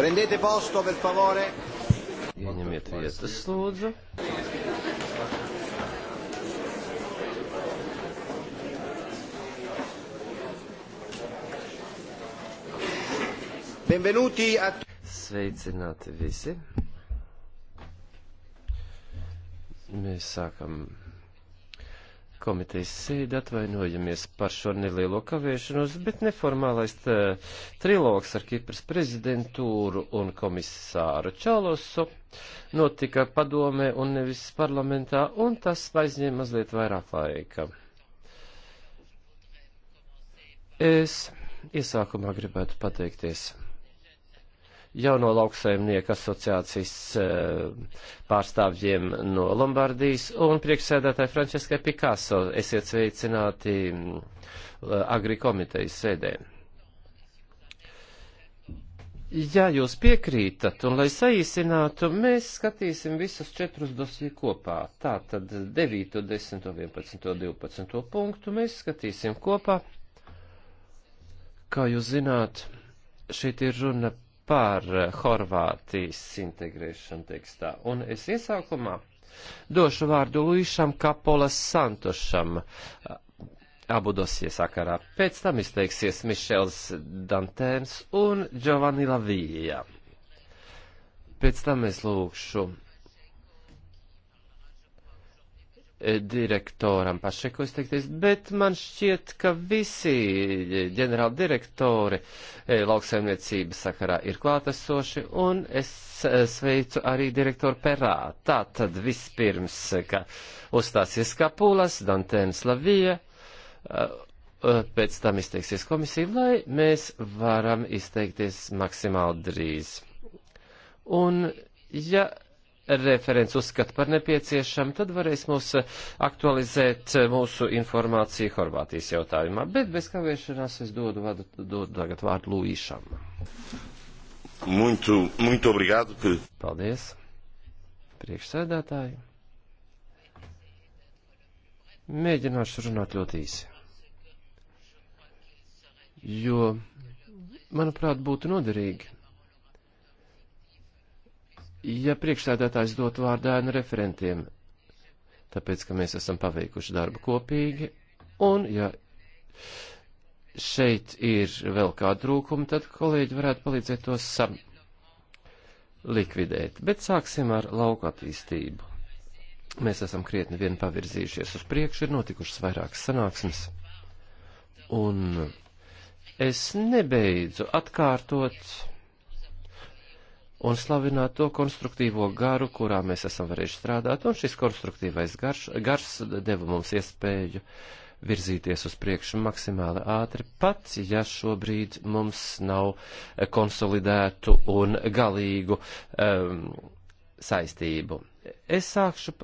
Prendete posto, per favore. Ieņemiet vietas, lūdzu. Benvenuti a... Sveicināti visi. Mēs sākam komitejas sēdi, atvainojamies par šo nelielo kavēšanos, bet neformālais tā, trilogs ar Kipras prezidentūru un komisāru Čalosu notika padomē un nevis parlamentā, un tas aizņēma mazliet vairāk laika. Es iesākumā gribētu pateikties jauno lauksaimnieku asociācijas eh, pārstāvjiem no Lombardijas un priekšsēdētāji Frančiskai Picasso. Esiet sveicināti mm, eh, Agri komitejas sēdē. Ja jūs piekrītat, un lai saīsinātu, mēs skatīsim visus četrus dosiju kopā. Tātad 9, 10, 11, 12 punktu mēs skatīsim kopā. Kā jūs zināt, šeit ir runa par eh, Horvātijas integrēšanu tekstā. Un es iesākumā došu vārdu Luīšam Kapolas Santošam eh, abu dosie sakarā. Pēc tam izteiksies Mišels Dantēns un Giovanni Lavija. Pēc tam es lūkšu E, direktoram Pašeku izteikties, bet man šķiet, ka visi ģenerāli direktori e, lauksaimniecības sakarā ir klātesoši, un es e, sveicu arī direktoru Perā. Tā tad vispirms, ka uzstāsies Kapulas, Dantēns Lavija, pēc tam izteiksies komisija, lai mēs varam izteikties maksimāli drīz. Un, ja referents uzskata par nepieciešamu, tad varēs mūs eh, aktualizēt eh, mūsu informāciju Horvātijas jautājumā. Bet bez kavēšanās es dodu, vadu, dodu tagad vārdu Lūīšam. Muito, muito obrigado. Que... Paldies. Priekšsēdētāji. Mēģināšu runāt ļoti īsi. Jo, manuprāt, būtu noderīgi Ja priekšsēdētājs dotu vārdu ēnu referentiem, tāpēc, ka mēs esam paveikuši darbu kopīgi, un ja šeit ir vēl kāda trūkuma, tad kolēģi varētu palīdzēt tos sam likvidēt. Bet sāksim ar lauku attīstību. Mēs esam krietni vien pavirzījušies uz priekšu, ir notikušas vairākas sanāksmes, un es nebeidzu atkārtot un slavināt to konstruktīvo garu, kurā mēs esam varējuši strādāt, un šis konstruktīvais garš, gars deva mums iespēju virzīties uz priekšu maksimāli ātri, pat ja šobrīd mums nav konsolidētu un galīgu um, saistību. Es sākšu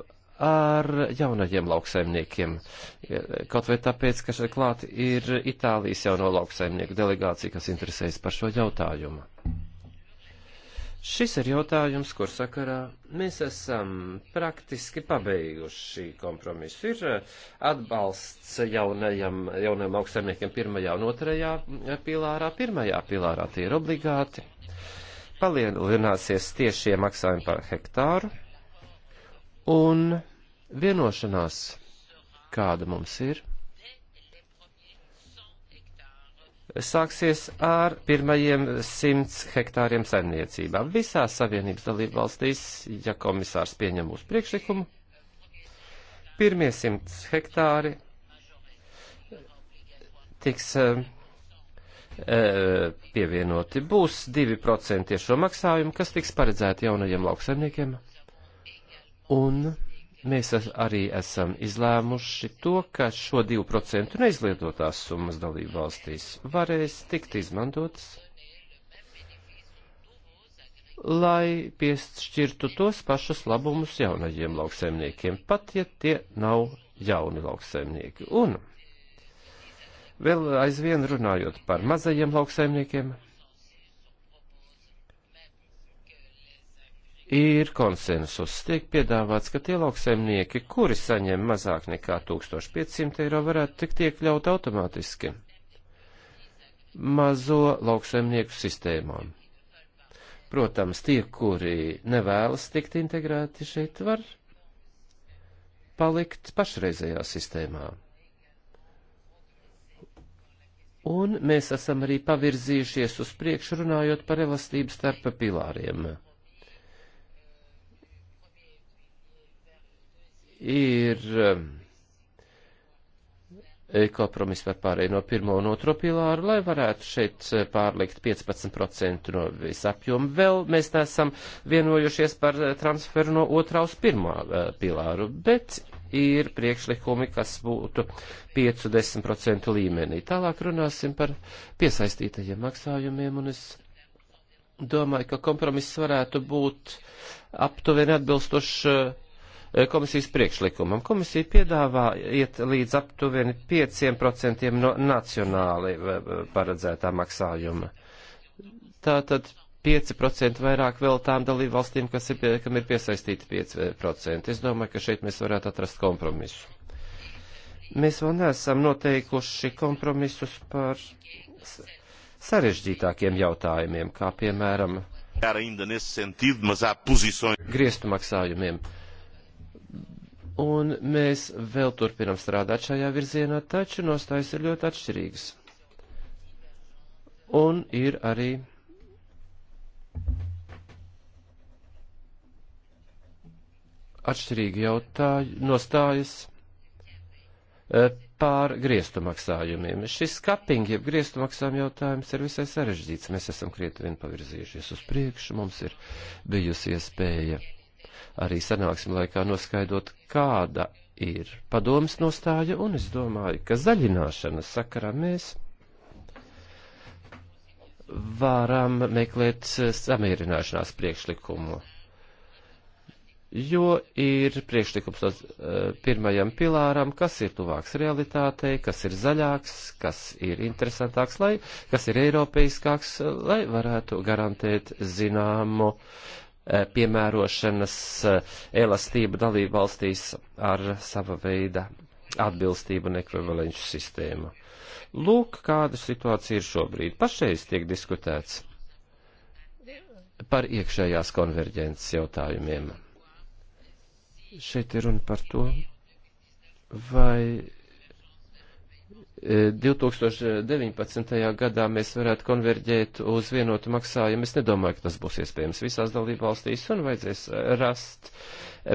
ar jaunajiem lauksaimniekiem. Kaut vai tāpēc, ka šeit klāt ir Itālijas jauno lauksaimnieku delegācija, kas interesējas par šo jautājumu. Šis ir jautājums, kur sakarā mēs esam praktiski pabeiguši kompromisu. Ir eh, atbalsts jaunajam, jaunajam augstsarniekiem pirmajā un otrajā eh, pilārā. Pirmajā pilārā tie ir obligāti. Palielināsies tiešie maksājumi par hektāru. Un vienošanās, kāda mums ir, sāksies ar pirmajiem 100 hektāriem saimniecībām. Visās Savienības dalību valstīs, ja komisārs pieņem mūsu priekšlikumu, pirmie 100 hektāri tiks uh, pievienoti. Būs 2% tiešo maksājumu, kas tiks paredzēti jaunajiem lauksaimniekiem. Un Mēs arī esam izlēmuši to, ka šo 2% neizlietotās summas dalību valstīs varēs tikt izmantotas, lai piešķirtu tos pašus labumus jaunajiem lauksaimniekiem, pat ja tie nav jauni lauksaimnieki. Un vēl aizvien runājot par mazajiem lauksaimniekiem, ir konsensus. Tiek piedāvāts, ka tie lauksaimnieki, kuri saņem mazāk nekā 1500 eiro, varētu tikt iekļaut automātiski mazo lauksaimnieku sistēmām. Protams, tie, kuri nevēlas tikt integrēti šeit, var palikt pašreizējā sistēmā. Un mēs esam arī pavirzījušies uz priekšu runājot par elastību starp pilāriem ir um, kompromis par pārēju no pirmo un otro pilāru, lai varētu šeit uh, pārlikt 15% no visapjoma. Vēl mēs neesam vienojušies par uh, transferu no otrā uz pirmā uh, pilāru, bet ir priekšlikumi, kas būtu 5-10% līmenī. Tālāk runāsim par piesaistītajiem maksājumiem, un es domāju, ka kompromiss varētu būt aptuveni atbilstošs Eh, komisijas priekšlikumam. Komisija piedāvā iet līdz aptuveni 5% no nacionāli eh, paredzētā maksājuma. Tātad 5% vairāk vēl tām dalībvalstīm, kas ir, kam ir piesaistīti 5%. Es domāju, ka šeit mēs varētu atrast kompromisu. Mēs vēl neesam noteikuši kompromisus par sarežģītākiem jautājumiem, kā piemēram grieztu maksājumiem. Uh, Un mēs vēl turpinam strādāt šajā virzienā, taču nostājas ir ļoti atšķirīgas. Un ir arī atšķirīgi jautāju, nostājas e, pār griestu maksājumiem. Šis kaping, jeb griestu maksājuma jautājums ir visai sarežģīts. Mēs esam krietni vien pavirzījušies uz priekšu, mums ir bijusi iespēja arī sanāksim laikā noskaidrot, kāda ir padomas nostāja, un es domāju, ka zaļināšanas sakarā mēs varam meklēt samierināšanās priekšlikumu. Jo ir priekšlikums uz eh, pirmajam pilāram, kas ir tuvāks realitātei, kas ir zaļāks, kas ir interesantāks, lai, kas ir eiropeiskāks, lai varētu garantēt zināmu uh, Eh, piemērošanas eh, elastība dalība valstīs ar sava veida atbilstību un ekvivalenšu sistēmu. Lūk, kāda situācija ir šobrīd. Pašreiz tiek diskutēts par iekšējās konverģences jautājumiem. Šeit ir runa par to, vai 2019. gadā mēs varētu konverģēt uz vienotu maksājumu. Es nedomāju, ka tas būs iespējams visās dalībvalstīs un vajadzēs rast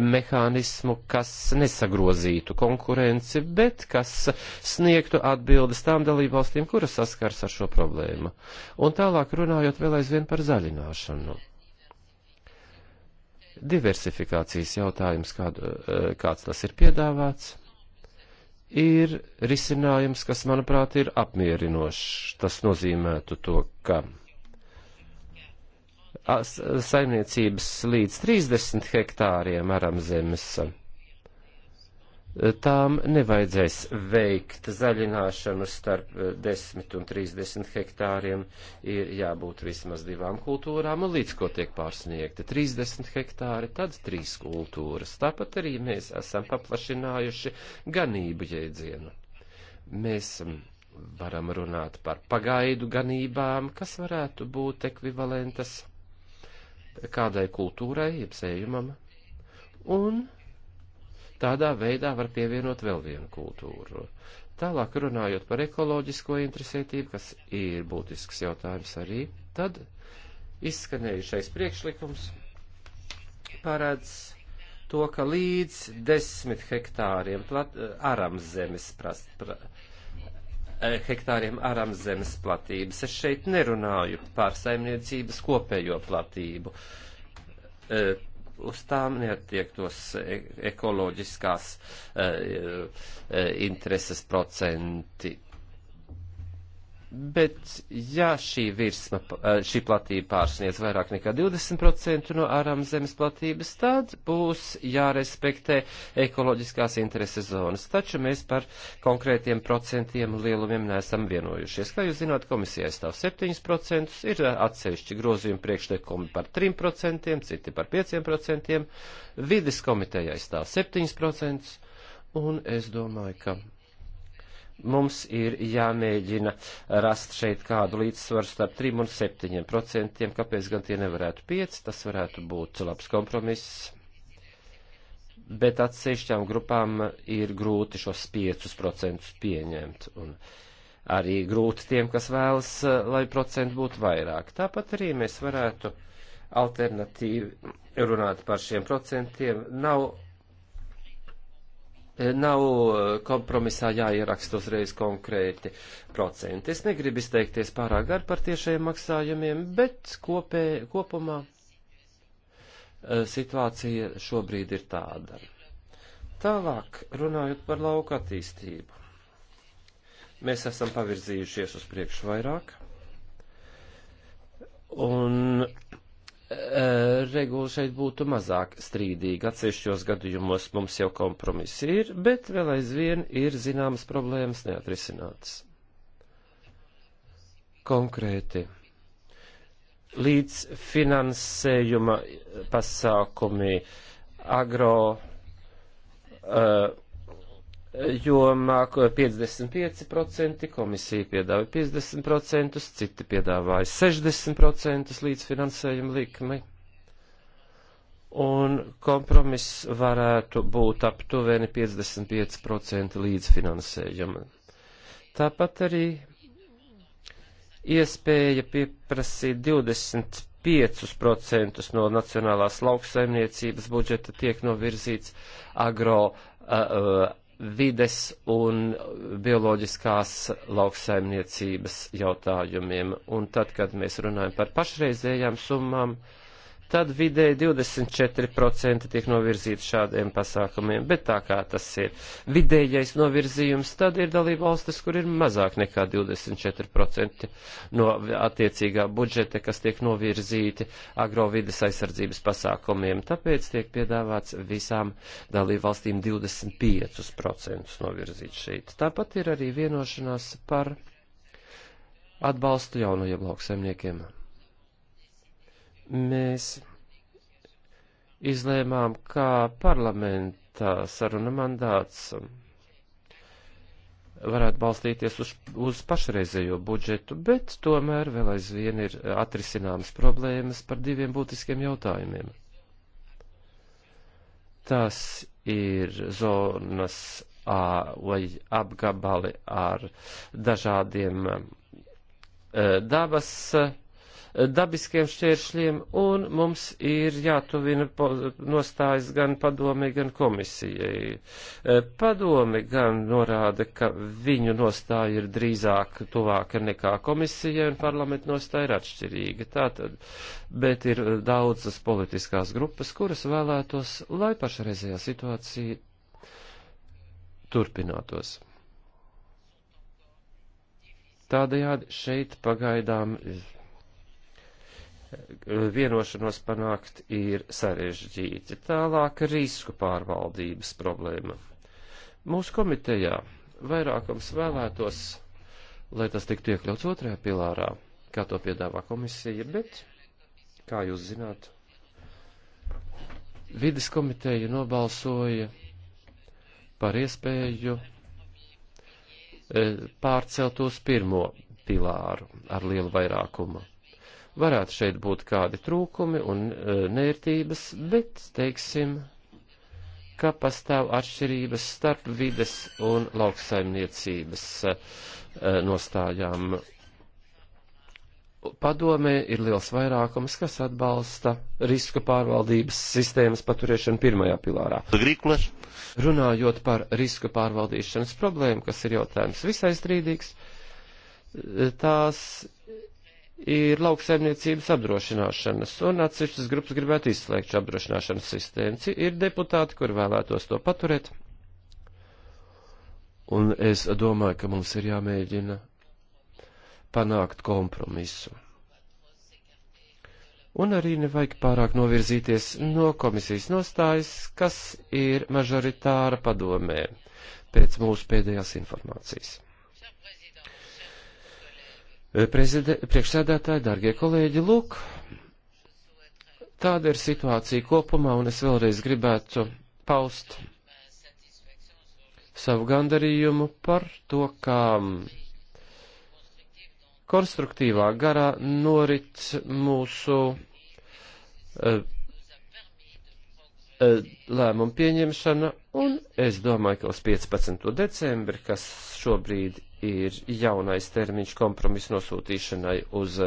mehānismu, kas nesagrozītu konkurenci, bet kas sniegtu atbildes tām dalībvalstīm, kuras saskars ar šo problēmu. Un tālāk runājot vēl aizvien par zaļināšanu diversifikācijas jautājums, kādu, kāds tas ir piedāvāts ir risinājums, kas, manuprāt, ir apmierinošs. Tas nozīmētu to, ka saimniecības līdz 30 hektāriem aram zemes tām nevajadzēs veikt zaļināšanu starp 10 eh, un 30 hektāriem, ir jābūt vismaz divām kultūrām, un līdz ko tiek pārsniegta 30 hektāri, tad trīs kultūras. Tāpat arī mēs esam paplašinājuši ganību jēdzienu. Mēs mm, varam runāt par pagaidu ganībām, kas varētu būt ekvivalentas kādai kultūrai, jeb sējumam, un Tādā veidā var pievienot vēl vienu kultūru. Tālāk runājot par ekoloģisko interesētību, kas ir būtisks jautājums arī, tad izskanējušais priekšlikums paredz to, ka līdz desmit hektāriem plat, aram zemes prast, pra, eh, hektāriem aram zemes platības. Es šeit nerunāju par saimniecības kopējo platību. Eh, uz tām neatiektos e, ekoloģiskās e, e, intereses procenti. Bet, ja šī virsma, eh, šī platība pārsniedz vairāk nekā 20% no ārām zemes platības, tad būs jārespektē ekoloģiskās intereses zonas. Taču mēs par konkrētiem procentiem un lielumiem neesam vienojušies. Kā jūs zināt, komisija aizstāv 7%, ir eh, atsevišķi grozījumi priekšlikumi par 3%, citi par 5%, vides komiteja aizstāv 7%, un es domāju, ka mums ir jāmēģina rast šeit kādu līdzsvaru starp 3 un 7 procentiem, kāpēc gan tie nevarētu 5, tas varētu būt labs kompromiss. Bet atsevišķām grupām ir grūti šos 5% pieņemt. Un arī grūti tiem, kas vēlas, lai procentu būtu vairāk. Tāpat arī mēs varētu alternatīvi runāt par šiem procentiem. Nav Nav eh, kompromisā jāieraksta uzreiz konkrēti procenti. Es negribu izteikties pārāk gar par tiešajiem maksājumiem, bet kopē, kopumā eh, situācija šobrīd ir tāda. Tālāk, runājot par lauka attīstību. Mēs esam pavirzījušies uz priekšu vairāk. Un regula šeit būtu mazāk strīdīga. Atsevišķos gadījumos mums jau kompromiss ir, bet vēl aizvien ir zināmas problēmas neatrisinātas. Konkrēti. Līdz finansējuma pasākumi agro uh, jomā 55%, komisija piedāvāja 50%, citi piedāvāja 60% līdzfinansējuma likmi. Un kompromiss varētu būt aptuveni 55% līdzfinansējuma. Tāpat arī iespēja pieprasīt 25% no nacionālās lauksaimniecības budžeta tiek novirzīts agro uh, uh, vides un bioloģiskās lauksaimniecības jautājumiem. Un tad, kad mēs runājam par pašreizējām summām, uh, tad vidēji 24% tiek novirzīti šādiem pasākumiem, bet tā kā tas ir vidējais novirzījums, tad ir dalība valstis, kur ir mazāk nekā 24% no attiecīgā budžeta, kas tiek novirzīti agrovides aizsardzības pasākumiem. Tāpēc tiek piedāvāts visām dalību valstīm 25% novirzīt šeit. Tāpat ir arī vienošanās par atbalstu jaunajiem lauksaimniekiem mēs izlēmām, kā parlamentā saruna mandāts varētu balstīties uz, uz pašreizējo budžetu, bet tomēr vēl aizvien ir atrisināmas problēmas par diviem būtiskiem jautājumiem. Tas ir zonas A vai apgabali ar dažādiem eh, dabas dabiskiem šķēršļiem, un mums ir jātuvina nostājas gan padomi, gan komisijai. E, padomi gan norāda, ka viņu nostāja ir drīzāk tuvāka nekā komisijai, un parlamenta nostāja ir atšķirīga. Tātad, bet ir daudzas politiskās grupas, kuras vēlētos, lai pašreizējā situācija turpinātos. Tādējādi šeit pagaidām ir vienošanos panākt ir sarežģīti. Tālāk risku pārvaldības problēma. Mūsu komitejā vairākums vēlētos, lai tas tiktu iekļauts otrajā pilārā, kā to piedāvā komisija, bet, kā jūs zināt, vidas komiteja nobalsoja par iespēju e, pārcelt uz pirmo pilāru ar lielu vairākumu Varētu šeit būt kādi trūkumi un e, nērtības, bet teiksim, ka pastāv atšķirības starp vides un lauksaimniecības e, nostājām. Padomē ir liels vairākums, kas atbalsta riska pārvaldības sistēmas paturēšanu pirmajā pilārā. Grīkulas. Runājot par riska pārvaldīšanas problēmu, kas ir jautājums visai strīdīgs, e, tās ir lauksaimniecības apdrošināšanas, un atsevišķas grupas gribētu izslēgt šo apdrošināšanas sistēmu. Ir deputāti, kur vēlētos to paturēt, un es domāju, ka mums ir jāmēģina panākt kompromisu. Un arī nevajag pārāk novirzīties no komisijas nostājas, kas ir mažoritāra padomē pēc mūsu pēdējās informācijas. Eh, priekšsēdētāji, darbie kolēģi, lūk, tāda ir situācija kopumā, un es vēlreiz gribētu paust savu gandarījumu par to, kā konstruktīvā garā norit mūsu uh, E, lēmumu pieņemšana, un es domāju, ka uz 15. decembri, kas šobrīd ir jaunais termiņš kompromisu nosūtīšanai uz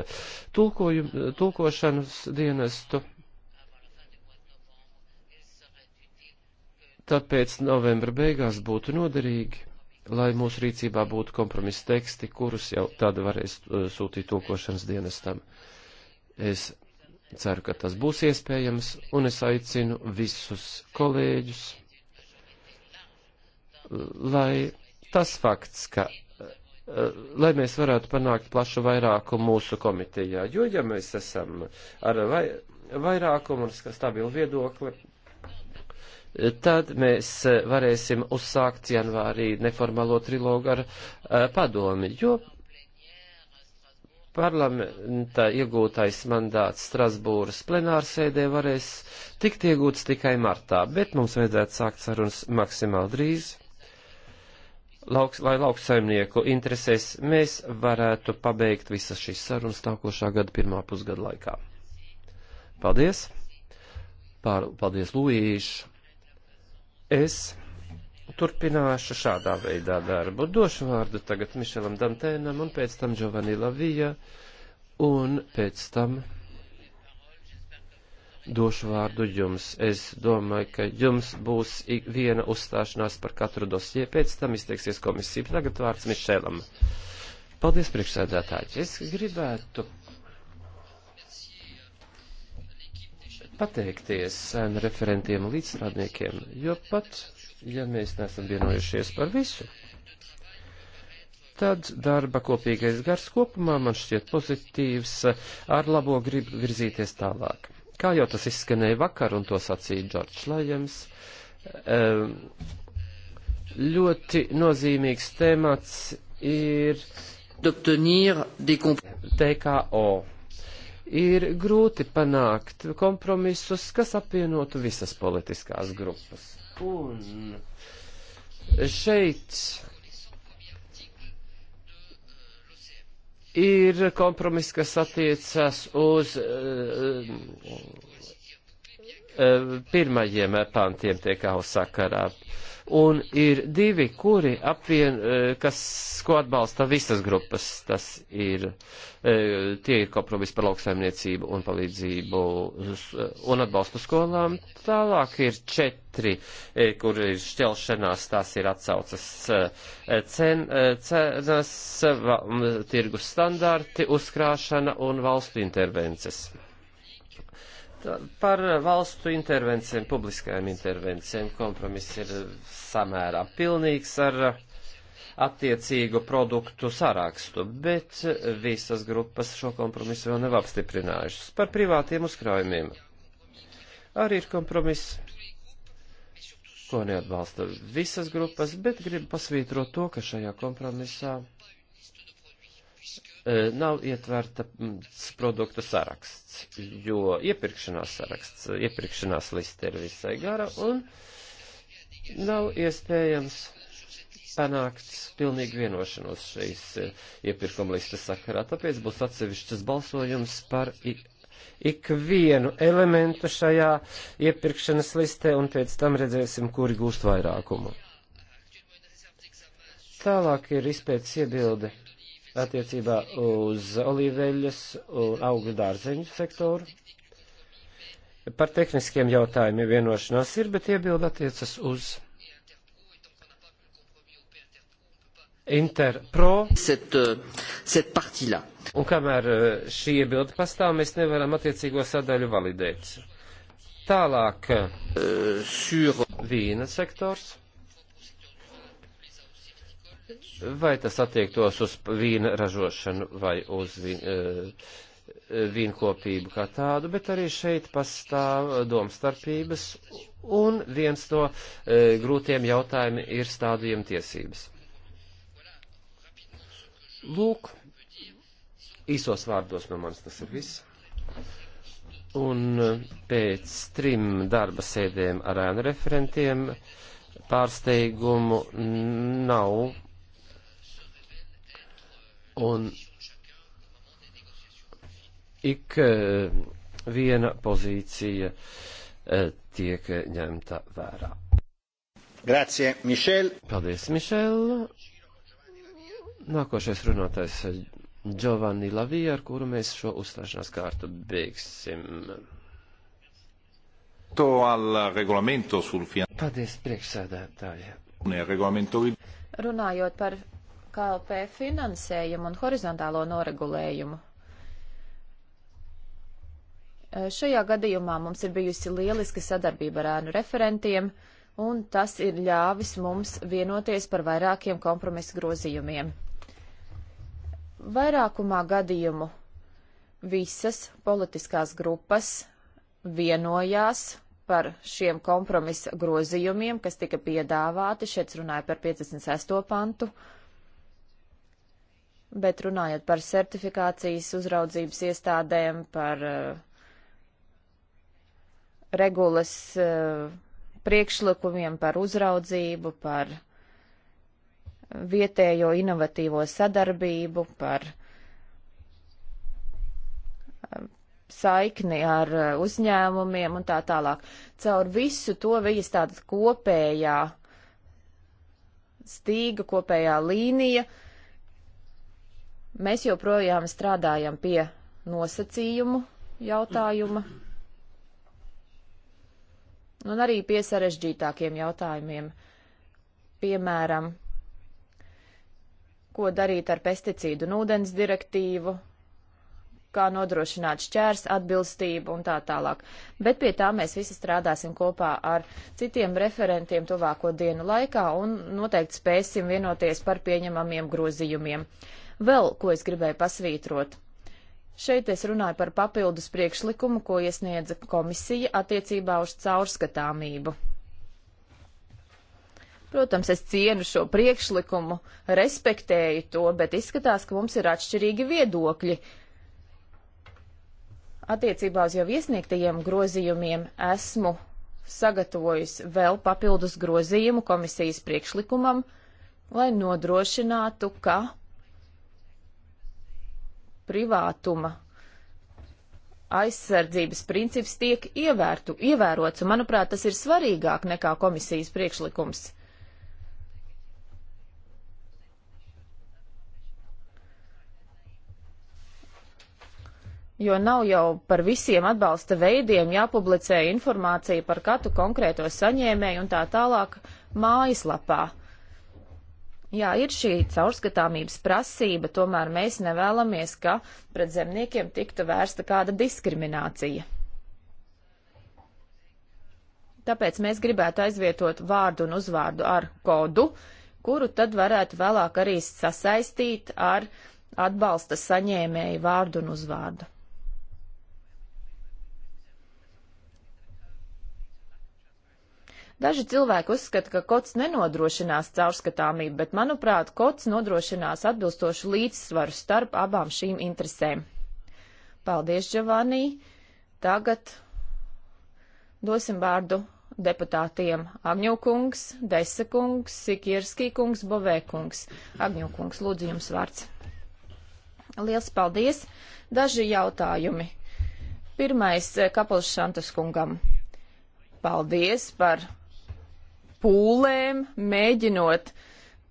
tulkošanas dienestu, tāpēc novembra beigās būtu noderīgi, lai mūsu rīcībā būtu kompromisa teksti, kurus jau tad varēs e, sūtīt tulkošanas dienestam. Es Ceru, ka tas būs iespējams, un es aicinu visus kolēģus, lai tas fakts, ka lai mēs varētu panākt plašu vairākumu mūsu komitejā. Jo, ja mēs esam ar vai, vairākumu un stabilu viedokli, tad mēs varēsim uzsākt janvārī neformālo trilogu ar eh, padomi, jo parlamenta iegūtais mandāts Strasbūras plenārsēdē varēs tikt iegūts tikai martā, bet mums vajadzētu sākt sarunas maksimāli drīz. Lauks, lai lauksaimnieku interesēs mēs varētu pabeigt visas šīs sarunas nākošā gada pirmā pusgada laikā. Paldies! Pār, paldies, Lūīši! Es turpināšu šādā veidā darbu. Došu vārdu tagad Mišelam Dantēnam un pēc tam Giovanni Lavija un pēc tam došu vārdu jums. Es domāju, ka jums būs viena uzstāšanās par katru dosie, pēc tam izteiksies komisija. Tagad vārds Mišelam. Paldies, priekšsēdētāji. Es gribētu pateikties referentiem un līdzstrādniekiem, jo pat ja mēs nesam vienojušies par visu, tad darba kopīgais gars kopumā man šķiet pozitīvs, ar labo gribu virzīties tālāk. Kā jau tas izskanēja vakar, un to sacīja Džordžs Lajams, ļoti nozīmīgs temats ir TKO. Ir grūti panākt kompromisus, kas apvienotu visas politiskās grupas. Un šeit ir kompromiss, kas attiecas uz uh, uh, pirmajiem pantiem tiekau sakarā. Uh, un ir divi, kuri apvien, e, kas, ko atbalsta visas grupas. Tas ir, e, tie ir kompromis par lauksaimniecību un palīdzību e, un atbalstu skolām. Tālāk ir četri, kur ir šķelšanās, tās ir atsaucas cen, cenas, tirgus standarti, uzkrāšana un valstu intervences par valstu intervencijiem, publiskajām intervencijiem. Kompromiss ir samērā pilnīgs ar attiecīgu produktu sarakstu, bet visas grupas šo kompromisu vēl nav apstiprinājušas. Par privātiem uzkrājumiem arī ir kompromiss, ko neatbalsta visas grupas, bet gribu pasvītrot to, ka šajā kompromisā E, nav ietverta produktu saraksts, jo iepirkšanās saraksts, iepirkšanās liste ir visai gara un nav iespējams panākt pilnīgu vienošanos šīs e, iepirkuma listas sakarā, tāpēc būs atsevišķas balsojums par ikvienu elementu šajā iepirkšanas listē, un pēc tam redzēsim, kuri gūst vairākumu. Tālāk ir izpētes iebilde attiecībā uz olīveļas un augļu dārzeņu sektoru. Par tehniskiem jautājumiem vienošanās ir, bet iebilda attiecas uz Interpro. Cette, cette partie-là. Un kamēr e, šī iebilda pastāv, mēs nevaram attiecīgo sadaļu validēt. Tālāk. Uh, sur... Vīna sektors vai tas attiektos uz vīna ražošanu vai uz vīna, eh, vīnkopību kā tādu, bet arī šeit pastāv domstarpības, un viens no e, grūtiem jautājumiem ir stādījuma tiesības. Lūk, īsos vārdos no manis tas ir viss. Un eh, pēc trim darba sēdēm ar ēnu referentiem pārsteigumu nav Un ik eh, viena pozīcija eh, tiek ņemta vērā. Grazie, Mišel. Paldies, Mišel. Nākošais runātājs eh, Giovanni Lavija, ar kuru mēs šo uzstāšanās kārtu beigsim. Paldies, priekšsēdētāji. Runājot par KLP finansējumu un horizontālo noregulējumu. Šajā gadījumā mums ir bijusi lieliska sadarbība ar ēnu referentiem, un tas ir ļāvis mums vienoties par vairākiem kompromisu grozījumiem. Vairākumā gadījumu visas politiskās grupas vienojās par šiem kompromisa grozījumiem, kas tika piedāvāti. Šeit runāja par 56. pantu bet runājot par certifikācijas uzraudzības iestādēm, par uh, regulas uh, priekšlikumiem, par uzraudzību, par vietējo inovatīvo sadarbību, par uh, saikni ar uzņēmumiem un tā tālāk. Caur visu to viņas tāda kopējā stīga, kopējā līnija, uh, Mēs joprojām strādājam pie nosacījumu jautājuma un arī pie sarežģītākiem jautājumiem. Piemēram, ko darīt ar pesticīdu un ūdens direktīvu, kā nodrošināt šķērs atbilstību un tā tālāk. Bet pie tā mēs visi strādāsim kopā ar citiem referentiem tuvāko dienu laikā un noteikti spēsim vienoties par pieņemamiem grozījumiem. Uh, Vēl ko es gribēju pasvītrot. Šeit es runāju par papildus priekšlikumu, ko iesniedza komisija attiecībā uz caurskatāmību. Protams, es cienu šo priekšlikumu, respektēju to, bet izskatās, ka mums ir atšķirīgi viedokļi. Attiecībā uz jau iesniegtajiem grozījumiem esmu sagatavojusi vēl papildus grozījumu komisijas priekšlikumam, lai nodrošinātu, ka privātuma aizsardzības princips tiek ievērtu, ievērots, un, manuprāt, tas ir svarīgāk nekā komisijas priekšlikums. Jo nav jau par visiem atbalsta veidiem jāpublicē informācija par katru konkrēto saņēmēju un tā tālāk mājaslapā. Jā, ir šī caurskatāmības prasība, tomēr mēs nevēlamies, ka pret zemniekiem tiktu vērsta kāda diskriminācija. Tāpēc mēs gribētu aizvietot vārdu un uzvārdu ar kodu, kuru tad varētu vēlāk arī sasaistīt ar atbalsta saņēmēju vārdu un uzvārdu. Daži cilvēki uzskata, ka kods nenodrošinās caurskatāmību, bet, manuprāt, kods nodrošinās atbilstošu līdzsvaru starp abām šīm interesēm. Paldies, Giovanni! Tagad dosim vārdu deputātiem Agņokungs, Desekungs, Sikierskī kungs, Bovēkungs. Agņokungs, lūdzu jums vārds. Liels paldies! Daži jautājumi. Pirmais eh, Kapels Šantas kungam. Paldies par pūlēm, mēģinot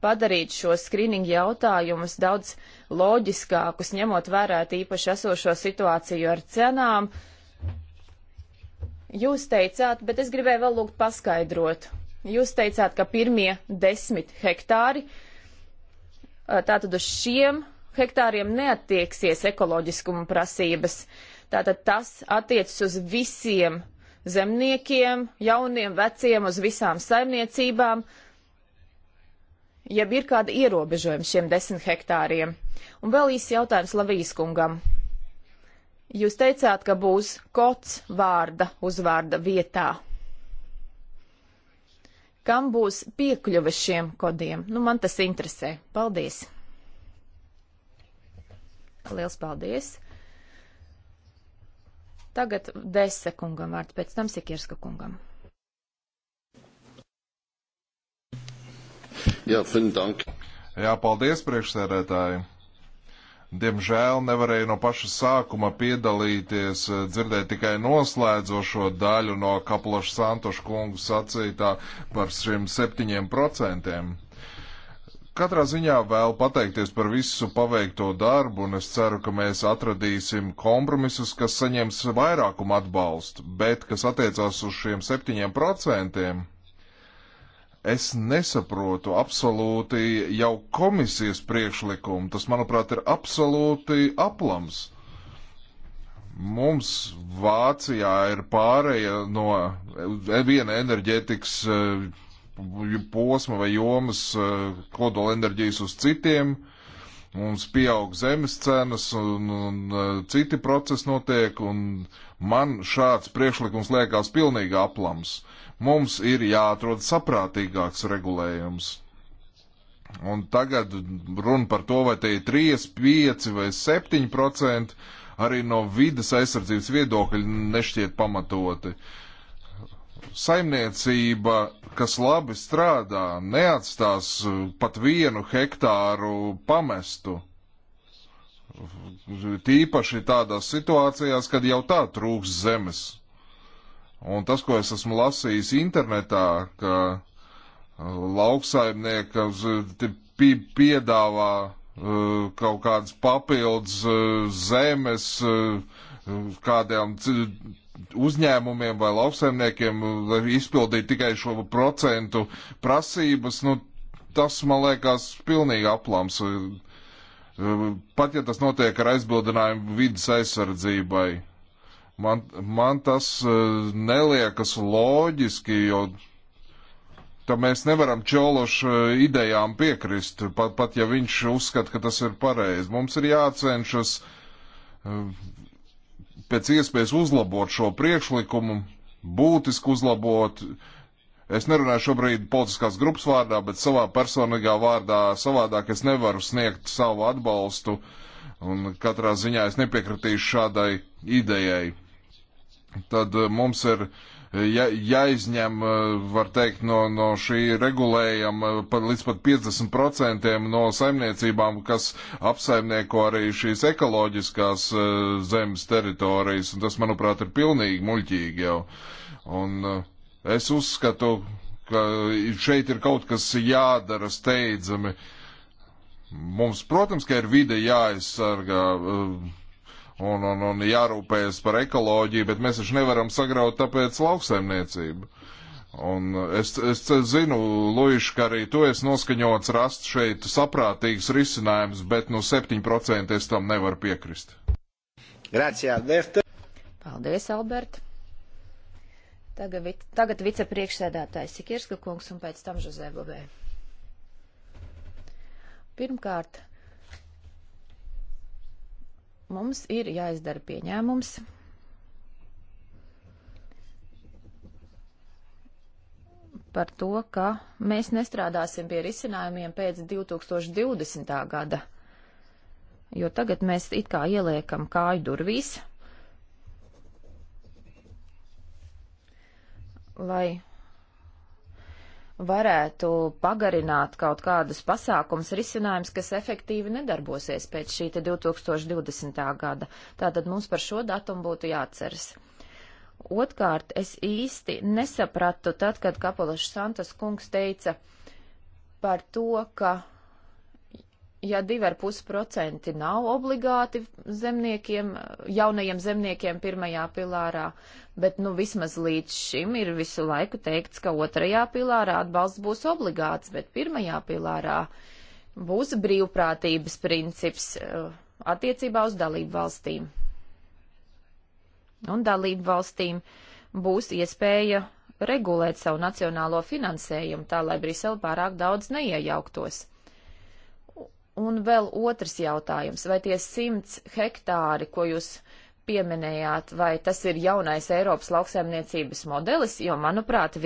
padarīt šo skrīningu jautājumus daudz loģiskākus, ņemot vērā tīpaši esošo situāciju ar cenām. Jūs teicāt, bet es gribēju vēl lūgt paskaidrot. Jūs teicāt, ka pirmie desmit hektāri, tātad uz šiem hektāriem neattieksies ekoloģiskuma prasības. Tātad tas attiecas uz visiem zemniekiem, jauniem, veciem, uz visām saimniecībām, jeb ir kāda ierobežojuma šiem desmit hektāriem. Un vēl īsts jautājums Lavijas kungam. Jūs teicāt, ka būs kots vārda uzvārda vietā. Kam būs piekļuve šiem kodiem? Nu, man tas interesē. Paldies! Liels paldies! Tagad Dese kungam vārds, pēc tam Sikirska kungam. Jā, dank. Jā, paldies priekšsēdētāji. Diemžēl nevarēju no paša sākuma piedalīties, eh, dzirdēt tikai noslēdzošo daļu no Kaplaša Santoša kungu sacītā par šiem septiņiem procentiem. Katrā ziņā vēl pateikties par visu paveikto darbu, un es ceru, ka mēs atradīsim kompromisus, kas saņems vairākumu atbalstu, bet kas attiecās uz šiem septiņiem procentiem. Es nesaprotu absolūti jau komisijas priekšlikumu. Tas, manuprāt, ir absolūti aplams. Mums Vācijā ir pāreja no viena enerģētikas eh, posma vai jomas eh, kodolenerģijas uz citiem. Mums pieaug zemes cenas un, un, un eh, citi procesi notiek, un man šāds priekšlikums liekas pilnīgi aplams. Mums ir jāatrod saprātīgāks regulējums. Un tagad runa par to, vai tie ir 3, 5 vai 7 procenti arī no vidas aizsardzības viedokļa nešķiet pamatoti. Saimniecība kas labi strādā, neatstās uh, pat vienu hektāru pamestu. Tīpaši tādās situācijās, kad jau tā trūks zemes. Un tas, ko es esmu lasījis internetā, ka uh, lauksaimniekams uh, piedāvā kaut kādas papildus zemes kādām uzņēmumiem vai lauksaimniekiem, lai izpildītu tikai šo procentu prasības, nu, tas man liekas pilnīgi aplams. Pat ja tas notiek ar aizbildinājumu vidas aizsardzībai, man, man tas e, neliekas loģiski, jo tam mēs nevaram Čološu e, idejām piekrist, pat, pat ja viņš uzskata, ka tas ir pareizi. Mums ir jācenšas e, pēc iespējas uzlabot šo priekšlikumu, būtiski uzlabot. Es nerunāju šobrīd politiskās grupas vārdā, bet savā personīgā vārdā savādāk es nevaru sniegt savu atbalstu, un katrā ziņā es nepiekritīšu šādai idejai. Tad eh, mums ir uh, ja, jāizņem, eh, var teikt, no, no šī regulējuma pat, līdz pat 50% no saimniecībām, kas apsaimnieko arī šīs ekoloģiskās eh, zemes teritorijas, un tas, manuprāt, ir pilnīgi muļķīgi jau. Un eh, es uzskatu, ka šeit ir kaut kas jādara steidzami. Mums, protams, ka ir vide jāaizsargā. Uh, un, un, un jārūpējas par ekoloģiju, bet mēs taču nevaram sagraut tāpēc lauksaimniecību. Un es, es zinu, Luīš, ka arī tu esi noskaņots rast šeit saprātīgs risinājums, bet nu 7% es tam nevaru piekrist. Grazie, Alberta. Paldies, Alberta. Tagad, tagad vicepriekšsēdētājs Sikirska kungs un pēc tam Žozē Bobē. Pirmkārt, Mums ir jāizdara pieņēmums. par to, ka mēs nestrādāsim pie risinājumiem pēc 2020. gada, jo tagad mēs it kā ieliekam kāju durvīs, lai varētu pagarināt kaut kādus pasākums, risinājums, kas efektīvi nedarbosies pēc šī 2020. gada. Tātad mums par šo datumu būtu jāatceras. Otkārt, es īsti nesapratu tad, kad Kapološs Santos kungs teica par to, ka ja 2,5% nav obligāti zemniekiem, jaunajiem zemniekiem pirmajā pilārā, bet nu vismaz līdz šim ir visu laiku teikts, ka otrajā pilārā atbalsts būs obligāts, bet pirmajā pilārā būs brīvprātības princips uh, attiecībā uz dalību valstīm. Un dalību valstīm būs iespēja regulēt savu nacionālo finansējumu tā, lai Brisele pārāk daudz neiejauktos. Un vēl otrs jautājums, vai tie simts hektāri, ko jūs pieminējāt, vai tas ir jaunais Eiropas lauksaimniecības modelis, jo, manuprāt,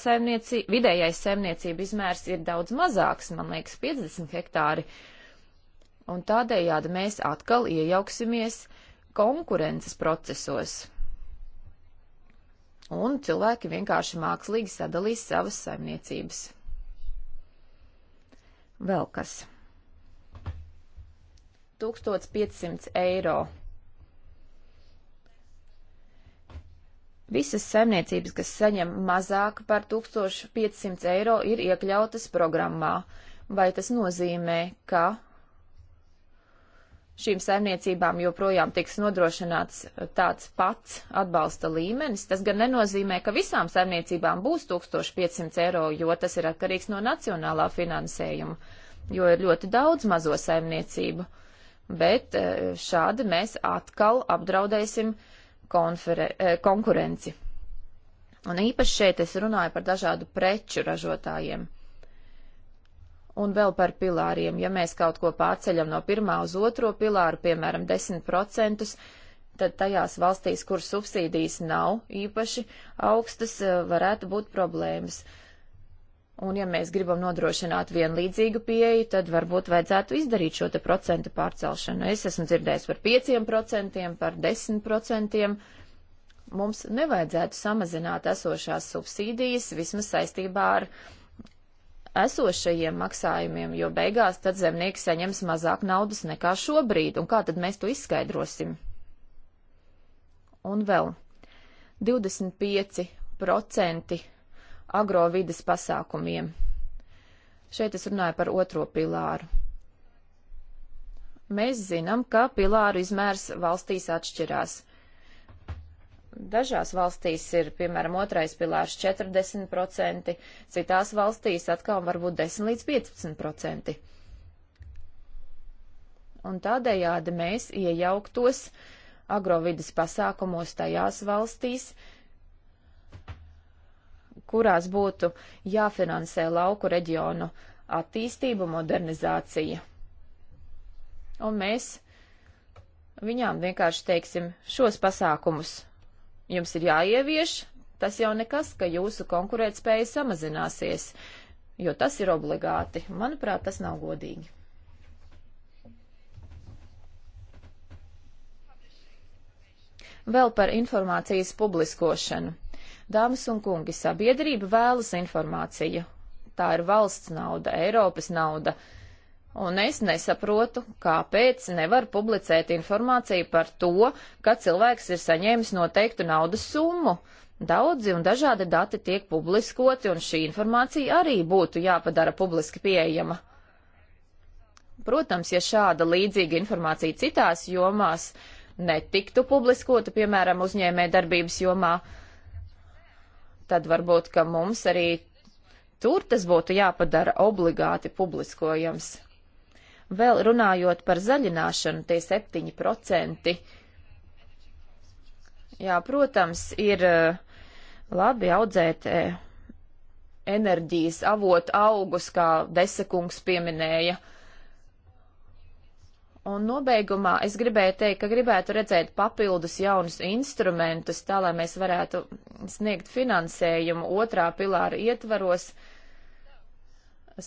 saimnieci, vidējais saimniecība izmērs ir daudz mazāks, man liekas, 50 hektāri. Un tādējādi mēs atkal iejauksimies konkurences procesos. Un cilvēki vienkārši mākslīgi sadalīs savas saimniecības. Vēl kas. 1500 eiro. Visas saimniecības, kas saņem mazāk par 1500 eiro, ir iekļautas programmā. Vai tas nozīmē, ka šīm saimniecībām joprojām tiks nodrošināts tāds pats atbalsta līmenis. Tas gan nenozīmē, ka visām saimniecībām būs 1500 eiro, jo tas ir atkarīgs no nacionālā finansējuma, jo ir ļoti daudz mazo saimniecību bet e, šādi mēs atkal apdraudēsim konfere, e, konkurenci. Un īpaši šeit es runāju par dažādu preču ražotājiem. Un vēl par pilāriem. Ja mēs kaut ko pārceļam no pirmā uz otro pilāru, piemēram, 10%, tad tajās valstīs, kur subsīdijas nav īpaši augstas, e, varētu būt problēmas. Uh, Un ja mēs gribam nodrošināt vienlīdzīgu pieeju, tad varbūt vajadzētu izdarīt šo te procentu pārcelšanu. Es esmu dzirdējis par 5%, par 10%. Mums nevajadzētu samazināt esošās subsīdijas vismaz saistībā ar esošajiem maksājumiem, jo beigās tad zemnieki saņems mazāk naudas nekā šobrīd, un kā tad mēs to izskaidrosim? Un vēl 25% agrovides pasākumiem. Šeit es runāju par otro pilāru. Mēs zinām, ka pilāru izmērs valstīs atšķirās. Dažās valstīs ir, piemēram, otrais pilārs 40%, citās valstīs atkal varbūt 10 līdz 15%. Un tādējādi mēs iejauktos agrovidas pasākumos tajās valstīs, uh, kurās būtu jāfinansē lauku reģionu attīstība, modernizācija. Un mēs viņām vienkārši teiksim šos pasākumus. Jums ir jāievieš, tas jau nekas, ka jūsu konkurētspēja samazināsies, jo tas ir obligāti. Manuprāt, tas nav godīgi. Vēl par informācijas publiskošanu. Dāmas un kungi, sabiedrība vēlas informāciju. Tā ir valsts nauda, Eiropas nauda. Un es nesaprotu, kāpēc nevar publicēt informāciju par to, ka cilvēks ir saņēmis noteiktu naudas summu. Daudzi un dažādi dati tiek publiskoti, un šī informācija arī būtu jāpadara publiski pieejama. Protams, ja šāda līdzīga informācija citās jomās netiktu publiskota, piemēram, uzņēmē darbības jomā, uh, tad varbūt, ka mums arī tur tas būtu jāpadara obligāti publiskojams. Vēl runājot par zaļināšanu, tie 7%. Jā, protams, ir eh, labi audzēt eh, enerģijas avotu augus, kā Desekungs pieminēja. Uh, Un nobeigumā es gribēju teikt, ka gribētu redzēt papildus jaunus instrumentus, tā lai mēs varētu sniegt finansējumu otrā pilāra ietvaros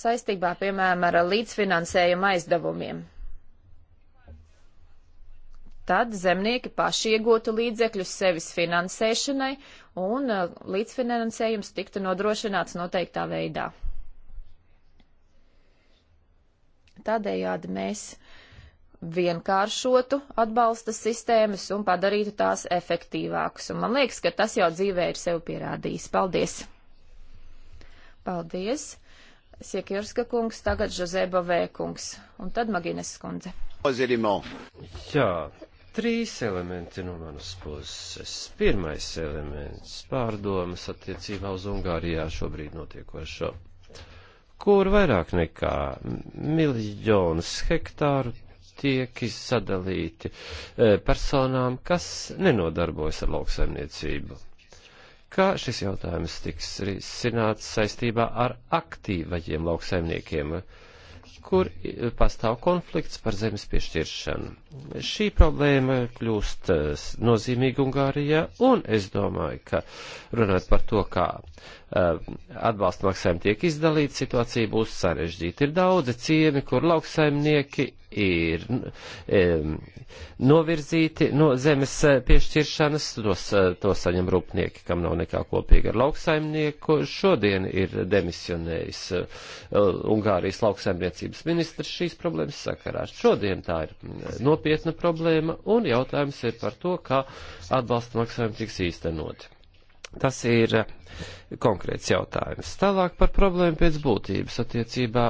saistībā, piemēram, ar līdzfinansējumu aizdevumiem. Tad zemnieki paši iegūtu līdzekļus sevis finansēšanai un uh, līdzfinansējums tiktu nodrošināts noteiktā veidā. Tādējādi mēs vienkāršotu atbalsta sistēmas un padarītu tās efektīvākas. Un man liekas, ka tas jau dzīvē ir sev pierādījis. Paldies! Paldies! Siekirska kungs, tagad Žozeba Vēkungs un tad Magines skundze. Jā, trīs elementi no manas puses. Pirmais elements - pārdomas attiecībā uz Ungārijā šobrīd notiekošo, kur vairāk nekā miljonus hektāru tiek sadalīti e, personām, kas nenodarbojas ar lauksaimniecību. Kā šis jautājums tiks risināts saistībā ar aktīvajiem lauksaimniekiem, kur pastāv konflikts par zemes piešķiršanu? Šī problēma kļūst eh, nozīmīga Ungārijā, un es domāju, ka runāt par to, kā eh, atbalsta maksājumi tiek izdalīti, situācija būs sarežģīta. Ir daudzi ciemi, kur lauksaimnieki ir e, novirzīti no zemes eh, piešķiršanas, tos, to saņem rūpnieki, kam nav nekā kopīga ar lauksaimnieku. Šodien ir demisionējis Ungārijas lauksaimniecības ministrs šīs problēmas sakarā. Šodien tā ir nopietna nopietna problēma, un jautājums ir par to, kā atbalsta maksājumi tiks īstenoti. Tas ir eh, konkrēts jautājums. Tālāk par problēmu pēc būtības attiecībā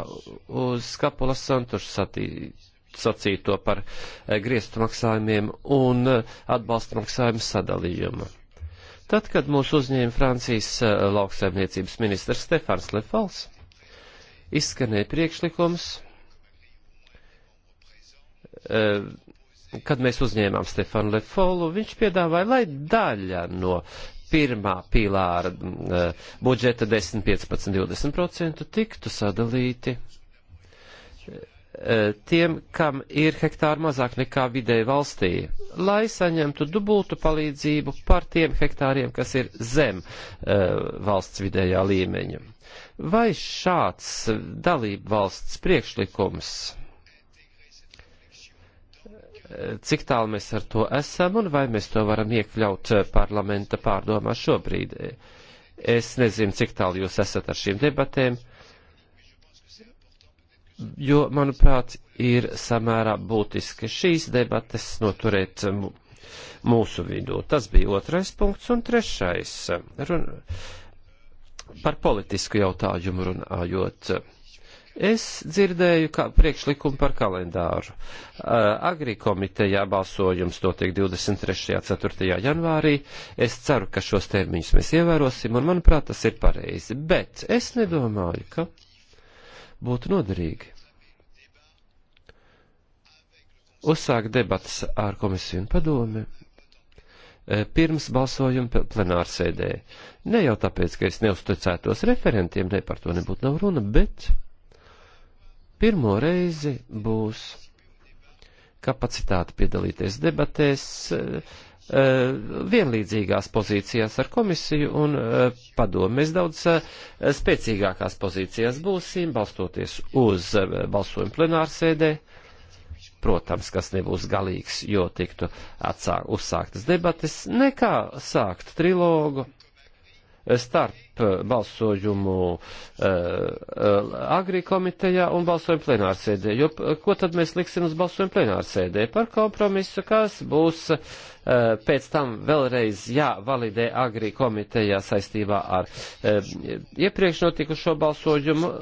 uz Skapulas Santušu sacīto par eh, griestu maksājumiem un eh, atbalsta maksājumu sadalījumu. Tad, kad mūs uzņēma Francijas lauksaimniecības ministrs Stefans Lefals, izskanēja priekšlikums Eh, kad mēs uzņēmām Stefanu Lefolu, viņš piedāvāja, lai daļa no pirmā pīlāra eh, budžeta 10, 15, 20% tiktu sadalīti eh, tiem, kam ir hektāri mazāk nekā vidēji valstī, lai saņemtu dubultu palīdzību par tiem hektāriem, kas ir zem valsts vidējā līmeņa. Vai šāds dalību valsts priekšlikums cik tālu mēs ar to esam un vai mēs to varam iekļaut eh, parlamenta pārdomā šobrīd. Es nezinu, cik tālu jūs esat ar šīm debatēm, jo, manuprāt, ir samērā būtiski šīs debates noturēt mūsu vidū. Tas bija otrais punkts un trešais. Run par politisku jautājumu runājot. Es dzirdēju kā priekšlikumu par kalendāru. Uh, Agri komitejā balsojums notiek 23. 4. janvārī. Es ceru, ka šos termiņus mēs ievērosim, un manuprāt, tas ir pareizi. Bet es nedomāju, ka būtu noderīgi uzsākt debatas ar komisiju un padomi eh, pirms balsojuma plenārsēdē. Ne jau tāpēc, ka es neuzticētos referentiem, ne par to nebūtu nav runa, bet pirmo reizi būs kapacitāte piedalīties debatēs eh, eh, vienlīdzīgās pozīcijās ar komisiju un eh, padomu. Mēs daudz spēcīgākās pozīcijās būsim, balstoties uz balsojumu plenārsēdē. Protams, kas nebūs galīgs, jo tiktu atsāk, uzsāktas debates, nekā sākt trilogu starp eh, balsojumu uh, agri komitejā un balsojumu plenārsēdē. Jo, ko tad mēs liksim uz balsojumu plenārsēdē? Par kompromisu, kas būs uh, pēc tam vēlreiz jāvalidē agri komitejā saistībā ar uh, iepriekš notikušo balsojumu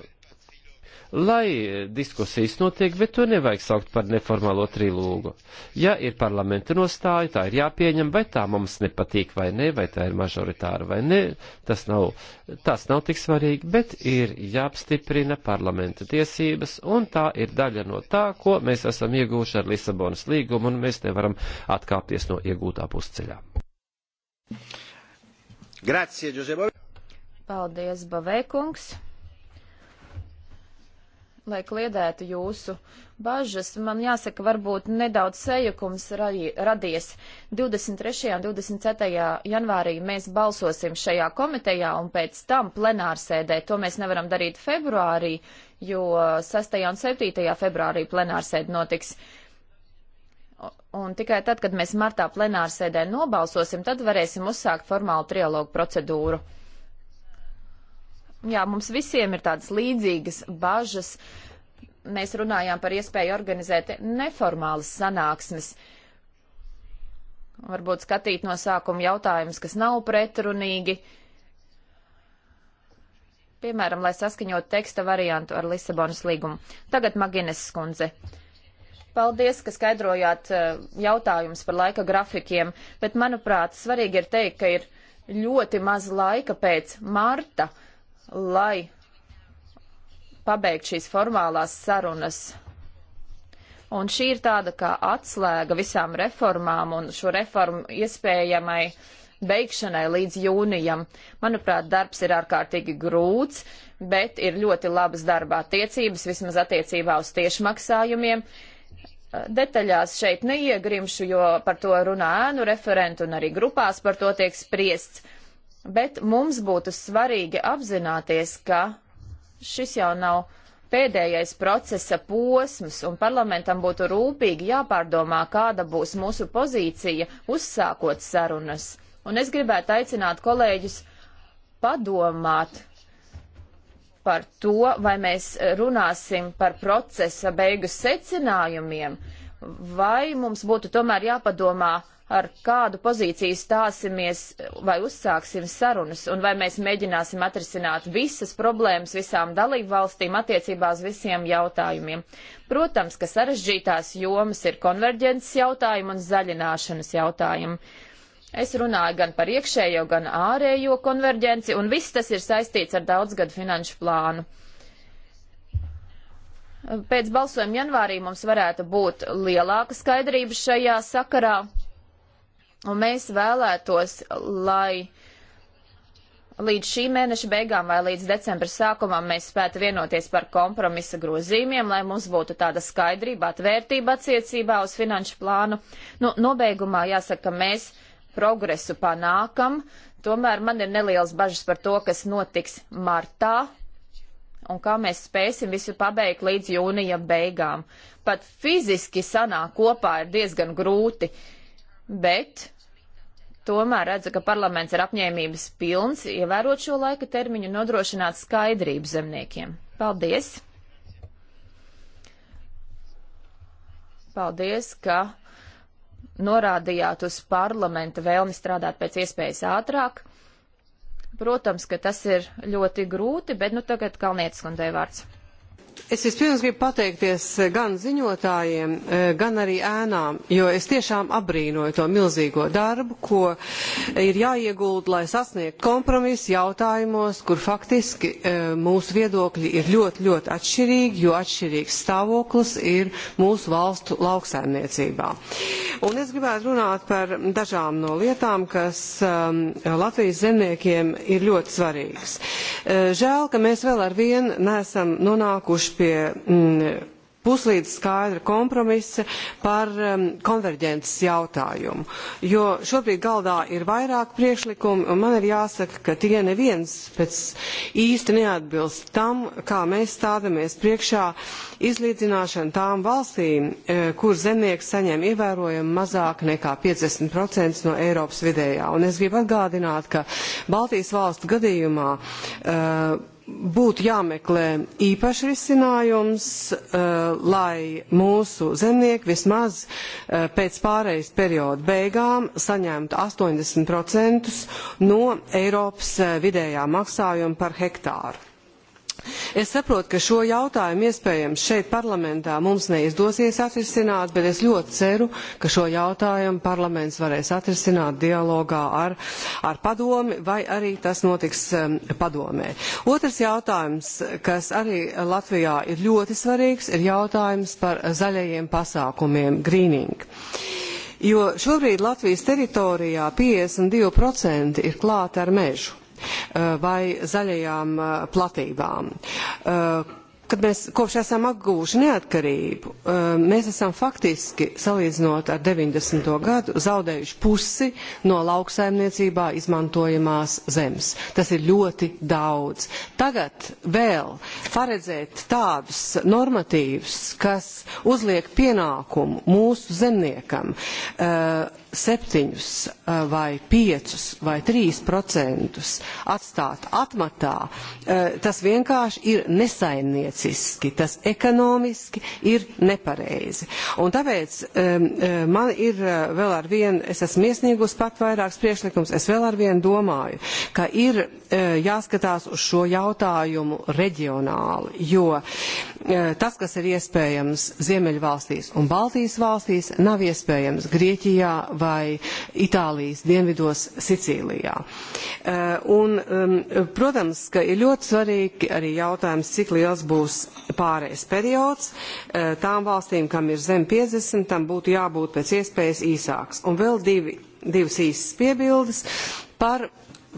lai diskusijas notiek, bet to nevajag saukt par neformālo trilūgu. Ja ir parlamenta nostāja, tā ir jāpieņem, vai tā mums nepatīk vai ne, vai tā ir mažoritāra vai ne, tas nav, tas nav tik svarīgi, bet ir jāapstiprina parlamenta tiesības, un tā ir daļa no tā, ko mēs esam iegūši ar Lisabonas līgumu, un mēs nevaram atkāpties no iegūtā pusceļā. Grazie, Giuseppe. Paldies, Bavēkungs lai kliedētu jūsu bažas. Man jāsaka, varbūt nedaudz sajukums radies. 23. un 24. janvārī mēs balsosim šajā komitejā un pēc tam plenārsēdē. To mēs nevaram darīt februārī, jo 6. un 7. februārī plenārsēde notiks. Un tikai tad, kad mēs martā plenārsēdē nobalsosim, tad varēsim uzsākt formālu trialogu procedūru. Jā, mums visiem ir tādas līdzīgas bažas. Mēs runājām par iespēju organizēt neformālas sanāksmes. Varbūt skatīt no sākuma jautājumus, kas nav pretrunīgi. Piemēram, lai saskaņot teksta variantu ar Lisabonas līgumu. Tagad Magines skundze. Paldies, ka skaidrojāt eh, jautājumus par laika grafikiem, bet, manuprāt, svarīgi ir teikt, ka ir ļoti maz laika pēc marta. Uh, lai pabeigtu šīs formālās sarunas. Un šī ir tāda kā atslēga visām reformām un šo reformu iespējamai beigšanai līdz jūnijam. Manuprāt, darbs ir ārkārtīgi grūts, bet ir ļoti labas darba attiecības, vismaz attiecībā uz tiešmaksājumiem. Detaļās šeit neiegrimšu, jo par to runā ēnu referentu un arī grupās par to tiek spriests bet mums būtu svarīgi apzināties, ka šis jau nav pēdējais procesa posms, un parlamentam būtu rūpīgi jāpārdomā, kāda būs mūsu pozīcija uzsākot sarunas. Un es gribētu aicināt kolēģus padomāt par to, vai mēs runāsim par procesa beigu secinājumiem, vai mums būtu tomēr jāpadomā ar kādu pozīciju stāsimies vai uzsāksim sarunas, un vai mēs mēģināsim atrisināt visas problēmas visām dalību valstīm attiecībā uz visiem jautājumiem. Protams, ka sarežģītās jomas ir konverģences jautājumi un zaļināšanas jautājumi. Es runāju gan par iekšējo, gan ārējo konverģenci, un viss tas ir saistīts ar daudzgadu finanšu plānu. Pēc balsojuma janvārī mums varētu būt lielāka skaidrība šajā sakarā. Un mēs vēlētos, lai līdz šī mēneša beigām vai līdz decembra sākumam mēs spētu vienoties par kompromisa grozījumiem, lai mums būtu tāda skaidrība, atvērtība attiecībā uz finanšu plānu. Nu, nobeigumā jāsaka, ka mēs progresu panākam, tomēr man ir nelielas bažas par to, kas notiks martā, un kā mēs spēsim visu pabeigt līdz jūnija beigām. Pat fiziski sanāk kopā ir diezgan grūti. Uh, bet tomēr redzu, ka parlaments ir apņēmības pilns ievērot šo laika termiņu un nodrošināt skaidrību zemniekiem. Paldies! Paldies, ka norādījāt uz parlamenta vēlmi strādāt pēc iespējas ātrāk. Protams, ka tas ir ļoti grūti, bet nu tagad Kalnietis kundzei vārds. Es vispirms gribu pateikties eh, gan ziņotājiem, eh, gan arī ēnām, jo es tiešām abrīnoju to milzīgo darbu, ko eh, ir jāiegulda, lai sasniegtu kompromisu jautājumos, kur faktiski mūsu viedokļi ir ļoti, ļoti atšķirīgi, jo atšķirīgs stāvoklis ir mūsu valstu lauksēmniecībā. Un es gribētu runāt par dažām no lietām, kas um, Latvijas zemniekiem ir ļoti svarīgas. Žēl, ka mēs vēl ar vienu nesam nonākuši nonākuši pie mm, puslīdz skaidra kompromisa par um, konverģences jautājumu. Jo šobrīd galdā ir vairāk priekšlikumu, un man ir jāsaka, ka tie neviens pēc īsti neatbilst tam, kā mēs stādamies priekšā izlīdzināšanu tām valstīm, e, kur zemnieks saņem ievērojami mazāk nekā 50% no Eiropas vidējā. Un es gribu atgādināt, ka Baltijas valstu gadījumā uh, e, būtu jāmeklē īpašs risinājums, eh, lai mūsu zemnieki vismaz eh, pēc pārejas perioda beigām saņemtu 80% no Eiropas eh, vidējā maksājuma par hektāru. Es saprotu, ka šo jautājumu iespējams šeit parlamentā mums neizdosies atrisināt, bet es ļoti ceru, ka šo jautājumu parlaments varēs atrisināt dialogā ar, ar padomi vai arī tas notiks um, padomē. Otrs jautājums, kas arī Latvijā ir ļoti svarīgs, ir jautājums par zaļajiem pasākumiem - greening. Jo šobrīd Latvijas teritorijā 52% ir klāta ar mežu Eh, vai zaļajām eh, platībām. Eh, kad mēs kopš esam atguvuši neatkarību, mēs esam faktiski, salīdzinot ar 90. gadu, zaudējuši pusi no lauksaimniecībā izmantojamās zemes. Tas ir ļoti daudz. Tagad vēl paredzēt tādus normatīvus, kas uzliek pienākumu mūsu zemniekam, uh, septiņus eh, vai piecus vai trīs procentus atstāt atmatā, eh, tas vienkārši ir nesaimnieciski, tas ekonomiski ir nepareizi. Un tāpēc man ir eh, vēl ar vienu, es esmu iesniegus pat vairākus priekšlikumus, es vēl ar vienu domāju, ka ir jāskatās uz šo jautājumu reģionāli, jo tas, kas ir iespējams Ziemeļvalstīs un Baltijas valstīs, nav iespējams Grieķijā vai Itālijas dienvidos Sicīlijā. Eh, un, protams, ka ir ļoti svarīgi arī jautājums, cik liels būs pārējais periods. Eh, tām valstīm, kam ir zem 50, tam būtu jābūt pēc iespējas īsāks. Un vēl divi, divas īsas piebildes par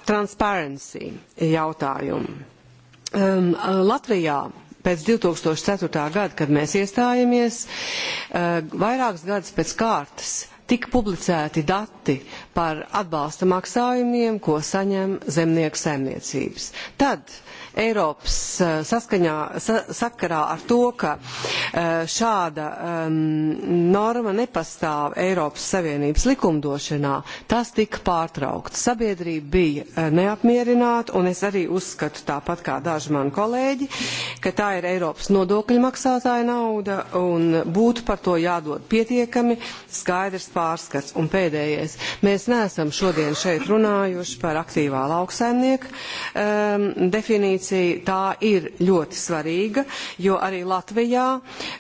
transparency jautājumu. Um, Latvijā pēc 2004. gada, kad mēs iestājāmies, uh, vairākus gadus pēc kārtas tika publicēti dati par atbalsta maksājumiem, ko saņem zemnieku saimniecības. Tad Eiropas eh, saskaņā, sa, sakarā ar to, ka eh, šāda um, norma nepastāv Eiropas Savienības likumdošanā, tas tika pārtraukts. Sabiedrība bija eh, neapmierināta, un es arī uzskatu tāpat kā daži mani kolēģi, ka tā ir Eiropas nodokļu maksātāja nauda, un būtu par to jādod pietiekami skaidrs pārskats. Un pēdējais, mēs neesam šodien šeit runājuši par aktīvā lauksaimnieku um, ehm, definīciju definīcija tā ir ļoti svarīga, jo arī Latvijā,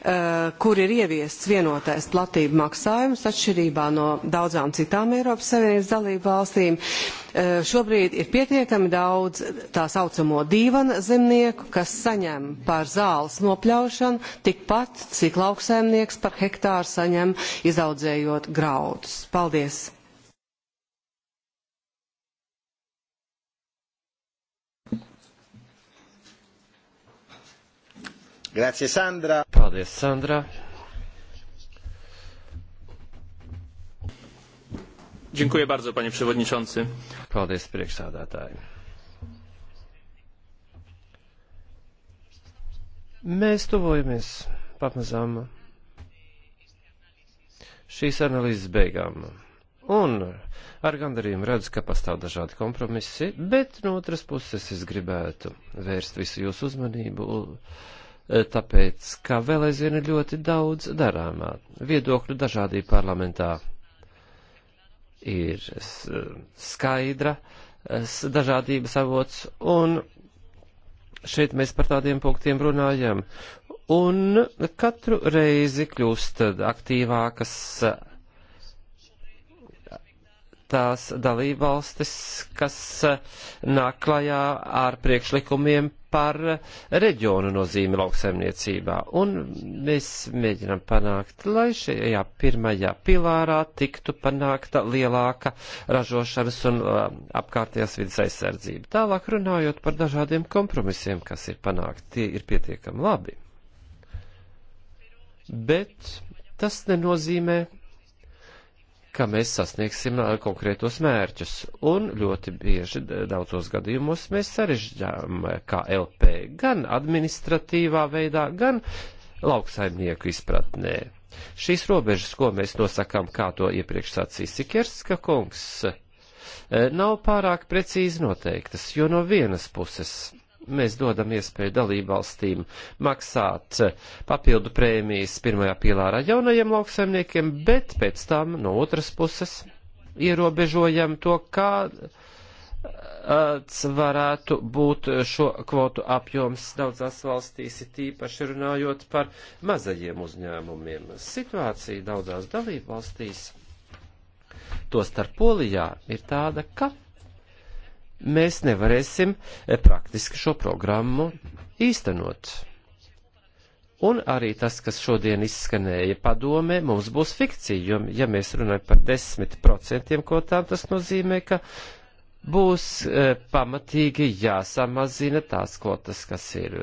eh, kur ir ieviests vienotais platība maksājums, atšķirībā no daudzām citām Eiropas Savienības dalību valstīm, eh, šobrīd ir pietiekami daudz tā saucamo dīvana zemnieku, kas saņem par zāles nopļaušanu tikpat, cik lauksaimnieks par hektāru saņem izaudzējot graudus. Paldies! Grazie, Sandra. Paldies, Sandra. Dziękuję bardzo, panie przewodniczący. Paldies, priekšsādātāji. Mēs tuvojamies pamazām šīs analīzes beigām. Un ar gandarījumu redzu, ka pastāv dažādi kompromisi, bet no otras puses es gribētu vērst visu jūsu uzmanību E, tāpēc, ka vēl aizvien ir ļoti daudz darāmā. Viedokļu dažādība parlamentā ir skaidra, dažādības avots, un šeit mēs par tādiem punktiem runājam. Un katru reizi kļūst aktīvākas tās dalībvalstis, kas eh, nāk klajā ar priekšlikumiem par reģionu nozīmi lauksaimniecībā. Un mēs mēģinām panākt, lai šajā pirmajā pilārā tiktu panākta lielāka ražošanas un eh, apkārtējās vidas aizsardzība. Tālāk runājot par dažādiem kompromisiem, kas ir panākti, tie ir pietiekami labi. Bet tas nenozīmē, ka mēs sasniegsim uh, konkrētos mērķus. Un ļoti bieži daudzos gadījumos mēs sarežģām uh, KLP gan administratīvā veidā, gan lauksaimnieku izpratnē. Šīs robežas, ko mēs nosakām, kā to iepriekš sacīja Sikerska kungs, uh, nav pārāk precīzi noteiktas, jo no vienas puses mēs dodam iespēju dalībvalstīm maksāt papildu prēmijas pirmajā pilārā jaunajiem lauksaimniekiem, bet pēc tam no otras puses ierobežojam to, kā varētu būt šo kvotu apjoms daudzās valstīs, ir tīpaši runājot par mazajiem uzņēmumiem. Situācija daudzās dalībvalstīs, to starp Polijā, ir tāda, ka mēs nevarēsim eh, praktiski šo programmu īstenot. Un arī tas, kas šodien izskanēja padomē, mums būs fikcija, jo, ja mēs runājam par 10% kvotām, tas nozīmē, ka būs e, pamatīgi jāsamazina tās kvotas, kas ir,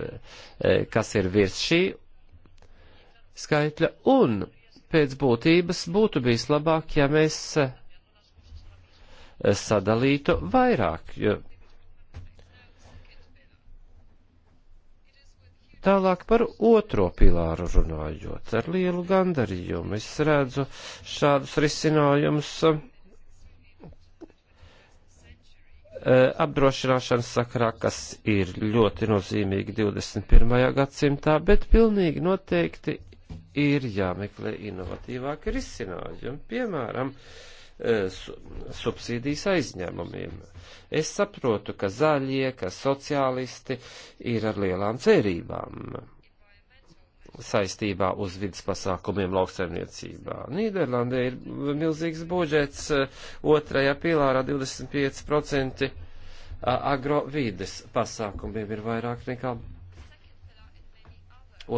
e, kas ir virs šī skaitļa, un pēc būtības būtu bijis labāk, ja mēs sadalītu vairāk. Tālāk par otro pilāru runājot, ar lielu gandarījumu es redzu šādus risinājumus e, apdrošināšanas sakrā, kas ir ļoti nozīmīgi 21. gadsimtā, bet pilnīgi noteikti ir jāmeklē inovatīvāki risinājumi. Piemēram, uh, Eh, subsīdijas aizņēmumiem. Es saprotu, ka zaļie, ka sociālisti ir ar lielām cerībām saistībā uz vidas pasākumiem lauksaimniecībā. Nīderlandē ir milzīgs budžets, eh, otrajā pilārā 25% agrovides pasākumiem ir vairāk nekā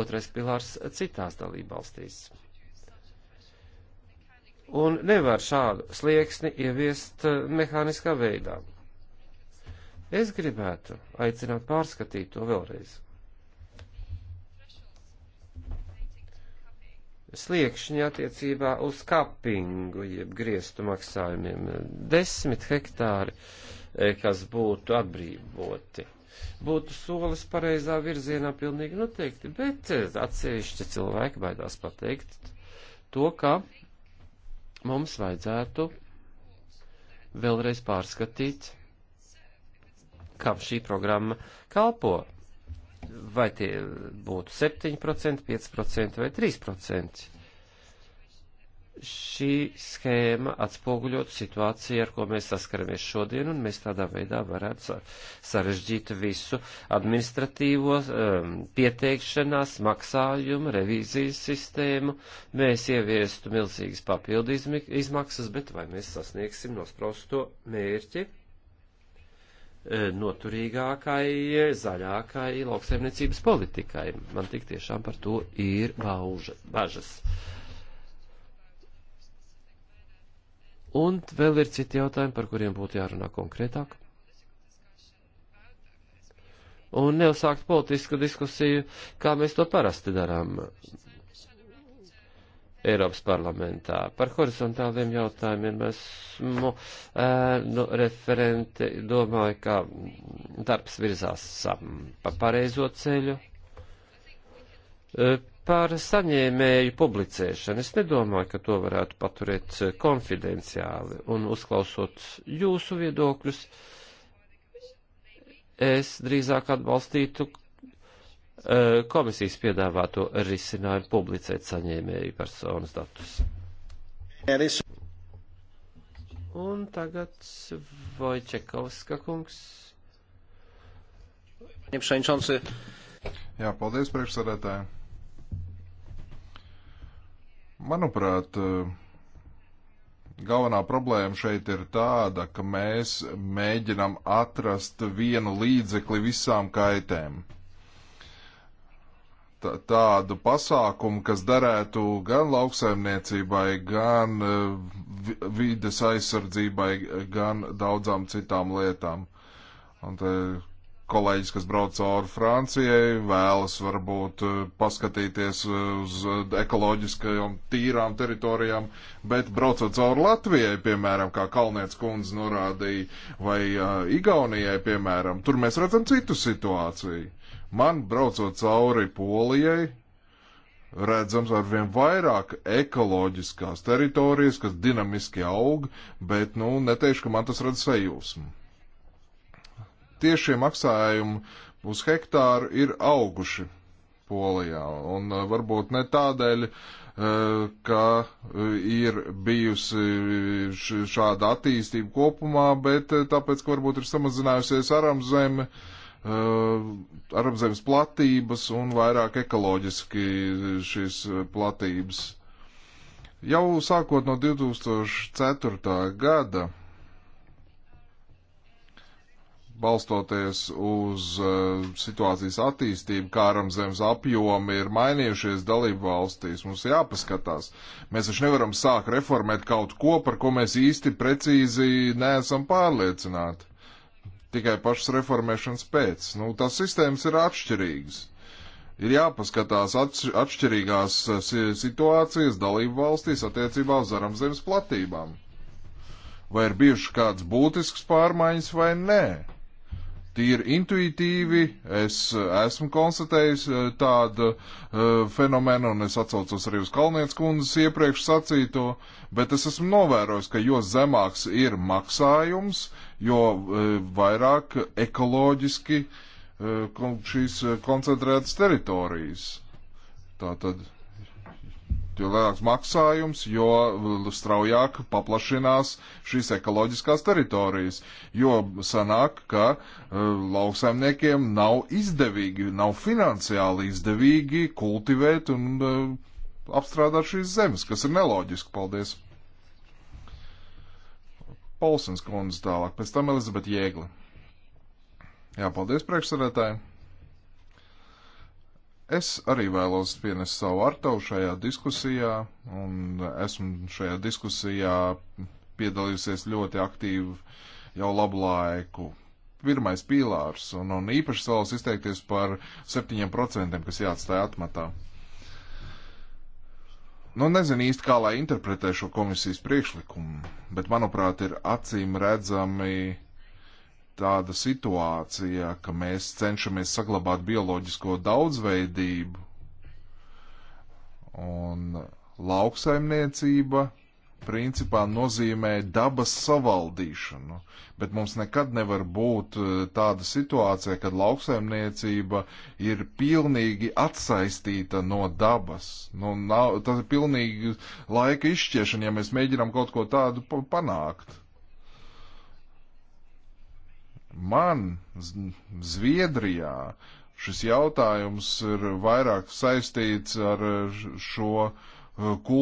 otrais pilārs citās dalībvalstīs un nevar šādu slieksni ieviest eh, mehāniskā veidā. Es gribētu aicināt pārskatīt to vēlreiz. Sliekšņi attiecībā uz kapingu, jeb griestu maksājumiem, desmit hektāri, eh, kas būtu atbrīvoti būtu solis pareizā virzienā pilnīgi noteikti, bet eh, atsevišķi cilvēki baidās pateikt to, ka mums vajadzētu vēlreiz pārskatīt, kam šī programma kalpo. Vai tie būtu 7%, 5% vai 3% šī schēma atspoguļot situāciju, ar ko mēs saskaramies šodien, un mēs tādā veidā varētu sarežģīt visu administratīvo um, pieteikšanās, maksājumu, revīzijas sistēmu. Mēs ieviestu milzīgas papildu izmaksas, bet vai mēs sasniegsim nosprosto mērķi? E, noturīgākai, zaļākai lauksaimniecības politikai. Man tik tiešām par to ir bauža, bažas. Uh, Un vēl ir citi jautājumi, par kuriem būtu jārunā konkrētāk. Un neuzsākt politisku diskusiju, kā mēs to parasti darām Eiropas parlamentā. Par horizontāliem jautājumiem esmu eh, nu, referente, domāju, ka darbs virzās hm, pa pareizo ceļu. Eh, par saņēmēju publicēšanu. Es nedomāju, ka to varētu paturēt eh, konfidenciāli un uzklausot jūsu viedokļus. Es drīzāk atbalstītu eh, komisijas piedāvāto risinājumu publicēt saņēmēju personas datus. Un tagad Vojčekovska kungs. Jā, paldies priekšsēdētāji. Manuprāt, eh, galvenā problēma šeit ir tāda, ka mēs mēģinam atrast vienu līdzekli visām kaitēm. T tādu pasākumu, kas derētu gan lauksaimniecībai, gan eh, vides aizsardzībai, gan daudzām citām lietām. Un te kolēģis, kas brauc cauri Francijai, vēlas varbūt eh, paskatīties eh, uz eh, ekoloģiskajām tīrām teritorijām, bet braucot cauri Latvijai, piemēram, kā Kalniec kundze norādīja, vai uh, Igaunijai, piemēram, tur mēs redzam citu situāciju. Man braucot cauri Polijai, redzams arvien vairāk ekoloģiskās teritorijas, kas dinamiski aug, bet, nu, neteikšu, ka man tas rada sajūsmu tiešie maksājumi uz hektāru ir auguši Polijā. Un uh, varbūt ne tādēļ, uh, ka uh, ir bijusi šāda attīstība kopumā, bet tāpēc, ka varbūt ir samazinājusies aramzeme, aramzemes platības un vairāk ekoloģiski šīs platības. Jau sākot no 2004. gada balstoties uz uh, situācijas attīstību, kā ar zemes apjomi ir mainījušies dalību valstīs. Mums jāpaskatās. Mēs taču nevaram sākt reformēt kaut ko, par ko mēs īsti precīzi neesam pārliecināti. Tikai pašas reformēšanas pēc. Nu, tās sistēmas ir atšķirīgas. Ir jāpaskatās atš atšķirīgās eh, situācijas dalību valstīs attiecībā uz aramzemes platībām vai ir bijušas kādas būtiskas pārmaiņas vai nē. Tīri intuitīvi es eh, esmu konstatējis eh, tādu uh, eh, fenomenu, un es atcaucos arī uz Kalnietes kundzes iepriekš sacīto, bet es esmu novērojis, ka jo zemāks ir maksājums, jo uh, vairāk ekoloģiski uh, šīs koncentrētas teritorijas. Tātad. tad jo lielāks maksājums, jo straujāk paplašinās šīs ekoloģiskās teritorijas, jo sanāk, ka uh, lauksaimniekiem nav izdevīgi, nav finansiāli izdevīgi kultivēt un uh, apstrādāt šīs zemes, kas ir neloģiski. Paldies! Polsens kundze tālāk, pēc tam Elizabete Jēgli. Jā, paldies priekšsarētāji! Es arī vēlos pienest savu artavu šajā diskusijā, un esmu šajā diskusijā piedalījusies ļoti aktīvi jau labu laiku. Pirmais pīlārs, un, un īpaši vēlos izteikties par 7%, kas jāatstāja atmatā. Nu, nezinu īsti, kā lai interpretē šo komisijas priekšlikumu, bet, manuprāt, ir acīm redzami tāda situācija, ka mēs cenšamies saglabāt bioloģisko daudzveidību un lauksaimniecība principā nozīmē dabas savaldīšanu, bet mums nekad nevar būt e, tāda situācija, kad lauksaimniecība ir pilnīgi atsaistīta no dabas. Nu, nav, tas ir pilnīgi laika izšķiešana, ja mēs mēģinām kaut ko tādu panākt. Man Zviedrijā šis jautājums ir vairāk saistīts ar šo, uh,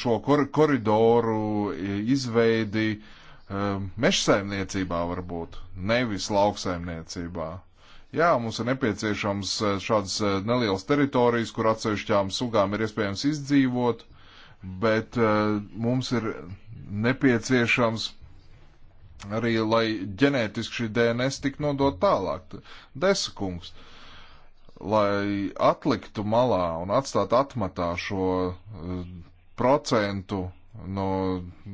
šo koridoru izveidi um, mežsaimniecībā varbūt, nevis lauksaimniecībā. Jā, mums ir nepieciešams uh, šādas uh, nelielas teritorijas, kur atsevišķām sugām ir iespējams izdzīvot, bet mums ir nepieciešams arī, lai ģenētiski šī DNS tik nodot tālāk. Desakungs, lai atliktu malā un atstātu atmatā šo uh, procentu no,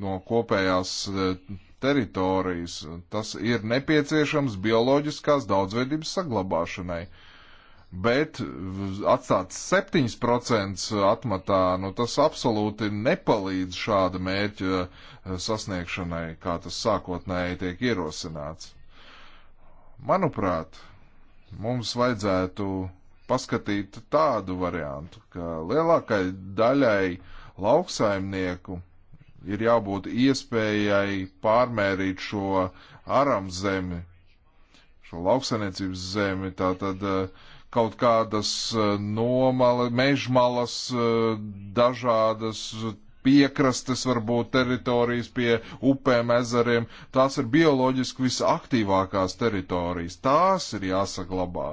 no kopējās eh, teritorijas. Tas ir nepieciešams bioloģiskās daudzveidības saglabāšanai. Uh, bet atstāt 7% atmatā, nu tas absolūti nepalīdz šāda mērķa eh, sasniegšanai, kā tas sākotnēji tiek ierosināts. Manuprāt, mums vajadzētu paskatīt tādu variantu, ka lielākai daļai lauksaimnieku ir jābūt iespējai pārmērīt šo aram zemi, šo lauksaimniecības zemi, tātad uh, kaut kādas e, nomale, mežmalas, e, dažādas piekrastes, varbūt teritorijas pie upēm, ezeriem. Tās ir bioloģiski visaktīvākās teritorijas. Tās ir jāsaglabā.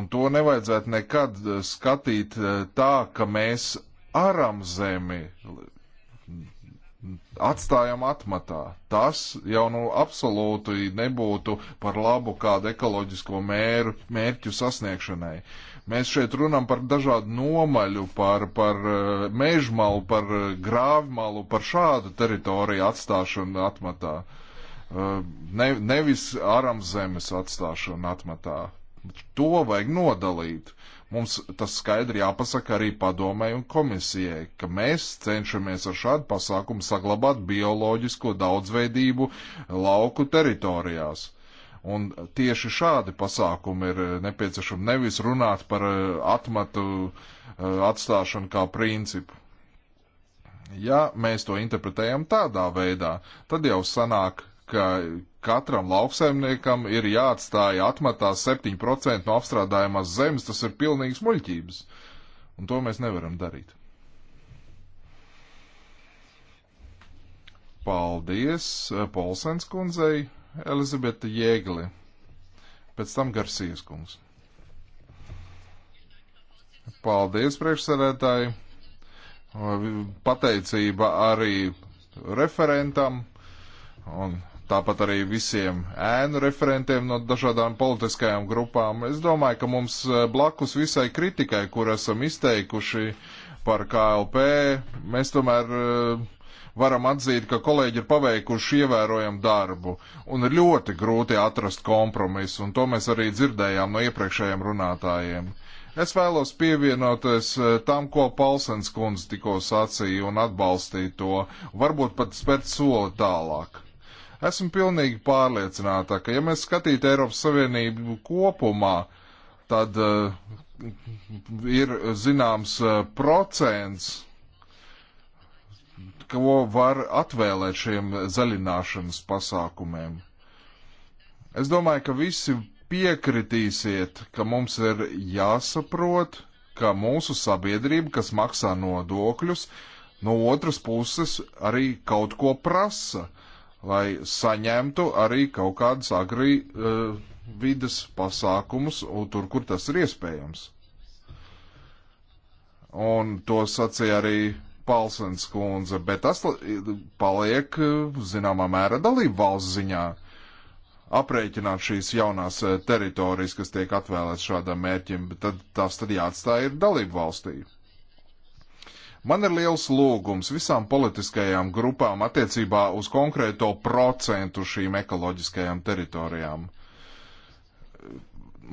Un to nevajadzētu nekad e, skatīt tā, ka mēs aram zemi, atstājam atmatā. Tas jau nu absolūti nebūtu par labu kādu ekoloģisko mēru, mērķu sasniegšanai. Mēs šeit runam par dažādu nomaļu, par, par eh, mežmalu, par eh, grāvmalu, par šādu teritoriju atstāšanu atmatā. Eh, ne, nevis aram zemes atstāšanu atmatā. To vajag nodalīt. Mums tas skaidri jāpasaka arī padomai un komisijai, ka mēs cenšamies ar šādu pasākumu saglabāt bioloģisko daudzveidību lauku teritorijās. Un tieši šādi pasākumi ir nepieciešami nevis runāt par eh, atmatu eh, atstāšanu kā principu. Ja mēs to interpretējam tādā veidā, tad jau sanāk ka katram lauksaimniekam ir jāatstāja atmatā 7% no apstrādājumās zemes, tas ir pilnīgs muļķības. Un to mēs nevaram darīt. Paldies eh, Polsens kundzei, Elizabete Jēgli, pēc tam Garsijas kungs. Paldies priekšsarētāji. Eh, pateicība arī referentam un tāpat arī visiem ēnu referentiem no dažādām politiskajām grupām. Es domāju, ka mums eh, blakus visai kritikai, kur esam izteikuši par KLP, mēs tomēr eh, varam atzīt, ka kolēģi ir paveikuši ievērojamu darbu un ir ļoti grūti atrast kompromisu, un to mēs arī dzirdējām no iepriekšējiem runātājiem. Es vēlos pievienoties eh, tam, ko Palsens kundze tikko sacīja un atbalstīt to, varbūt pat spērt soli tālāk. Esmu pilnīgi pārliecināta, ka ja mēs skatītu Eiropas Savienību kopumā, tad uh, ir zināms uh, procents, ko var atvēlēt šiem zaļināšanas pasākumiem. Es domāju, ka visi piekritīsiet, ka mums ir jāsaprot, ka mūsu sabiedrība, kas maksā nodokļus, no otras puses arī kaut ko prasa lai saņemtu arī kaut kādas agri uh, eh, vidas pasākumus, tur, kur tas ir iespējams. Un to sacīja arī Palsens kundze, bet tas paliek eh, zināmā mērā dalību valsts ziņā aprēķināt šīs jaunās eh, teritorijas, kas tiek atvēlētas šādam mērķim, bet tad, tās tad jāatstāja ir dalību valstīm. Man ir liels lūgums visām politiskajām grupām attiecībā uz konkrēto procentu šīm ekoloģiskajām teritorijām.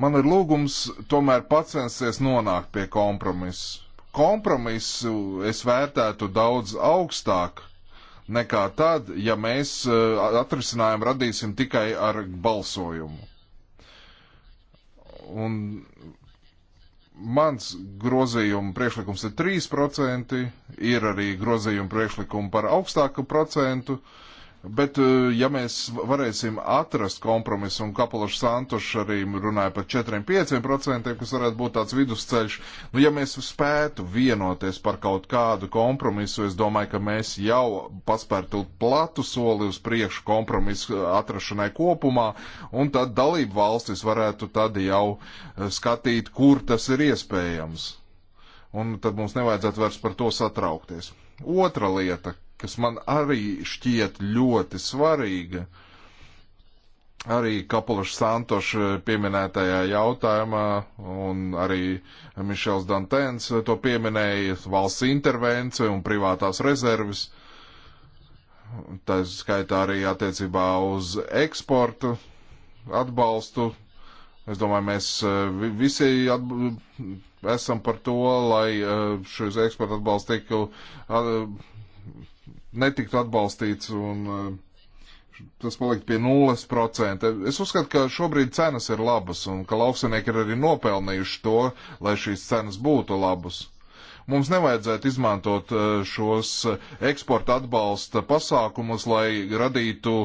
Man ir lūgums tomēr pacensties nonākt pie kompromisa. Kompromisu es vērtētu daudz augstāk nekā tad, ja mēs eh, atrisinājumu radīsim tikai ar balsojumu. Un Mans grozījuma priekšlikums ir 3%, ir arī grozījuma priekšlikumi par augstāku procentu. Uh, Bet, eh, ja mēs varēsim atrast kompromisu, un Kapološs Santošs arī runāja par 4-5%, kas varētu būt tāds vidusceļš, nu, ja mēs spētu vienoties par kaut kādu kompromisu, es domāju, ka mēs jau paspērtu platu soli uz priekšu kompromisu atrašanai kopumā, un tad dalību valstis varētu tad jau eh, skatīt, kur tas ir iespējams. Un tad mums nevajadzētu vairs par to satraukties. Otra lieta, kas man arī šķiet ļoti svarīga, arī Kapulašs Santoša pieminētajā jautājumā, un arī Mišels Dantens to pieminēja, valsts intervence un privātās rezerves. Tā skaitā arī attiecībā uz eksportu atbalstu. Es domāju, mēs eh, visi esam par to, lai eh, šis eksporta atbalsts tiktu eh, netiktu atbalstīts un eh, tas palikt pie 0%. Es uzskatu, ka šobrīd cenas ir labas un ka lauksanieki ir arī nopelnījuši to, lai šīs cenas būtu labas. Mums nevajadzētu izmantot eh, šos eh, eksporta atbalsta pasākumus, lai radītu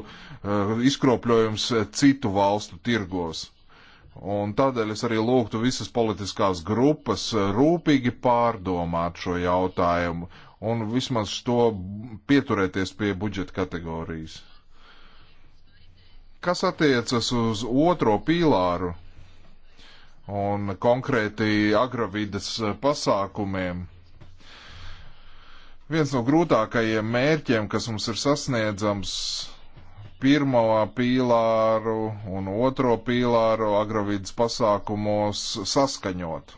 izkropļojums citu valstu tirgos. Un tādēļ es arī lūgtu visas politiskās grupas rūpīgi pārdomāt šo jautājumu un vismaz to pieturēties pie budžeta kategorijas. Kas attiecas uz otro pīlāru un konkrēti agravidas pasākumiem? Viens no grūtākajiem mērķiem, kas mums ir sasniedzams pirmo pīlāru un otro pīlāru agravidas pasākumos saskaņot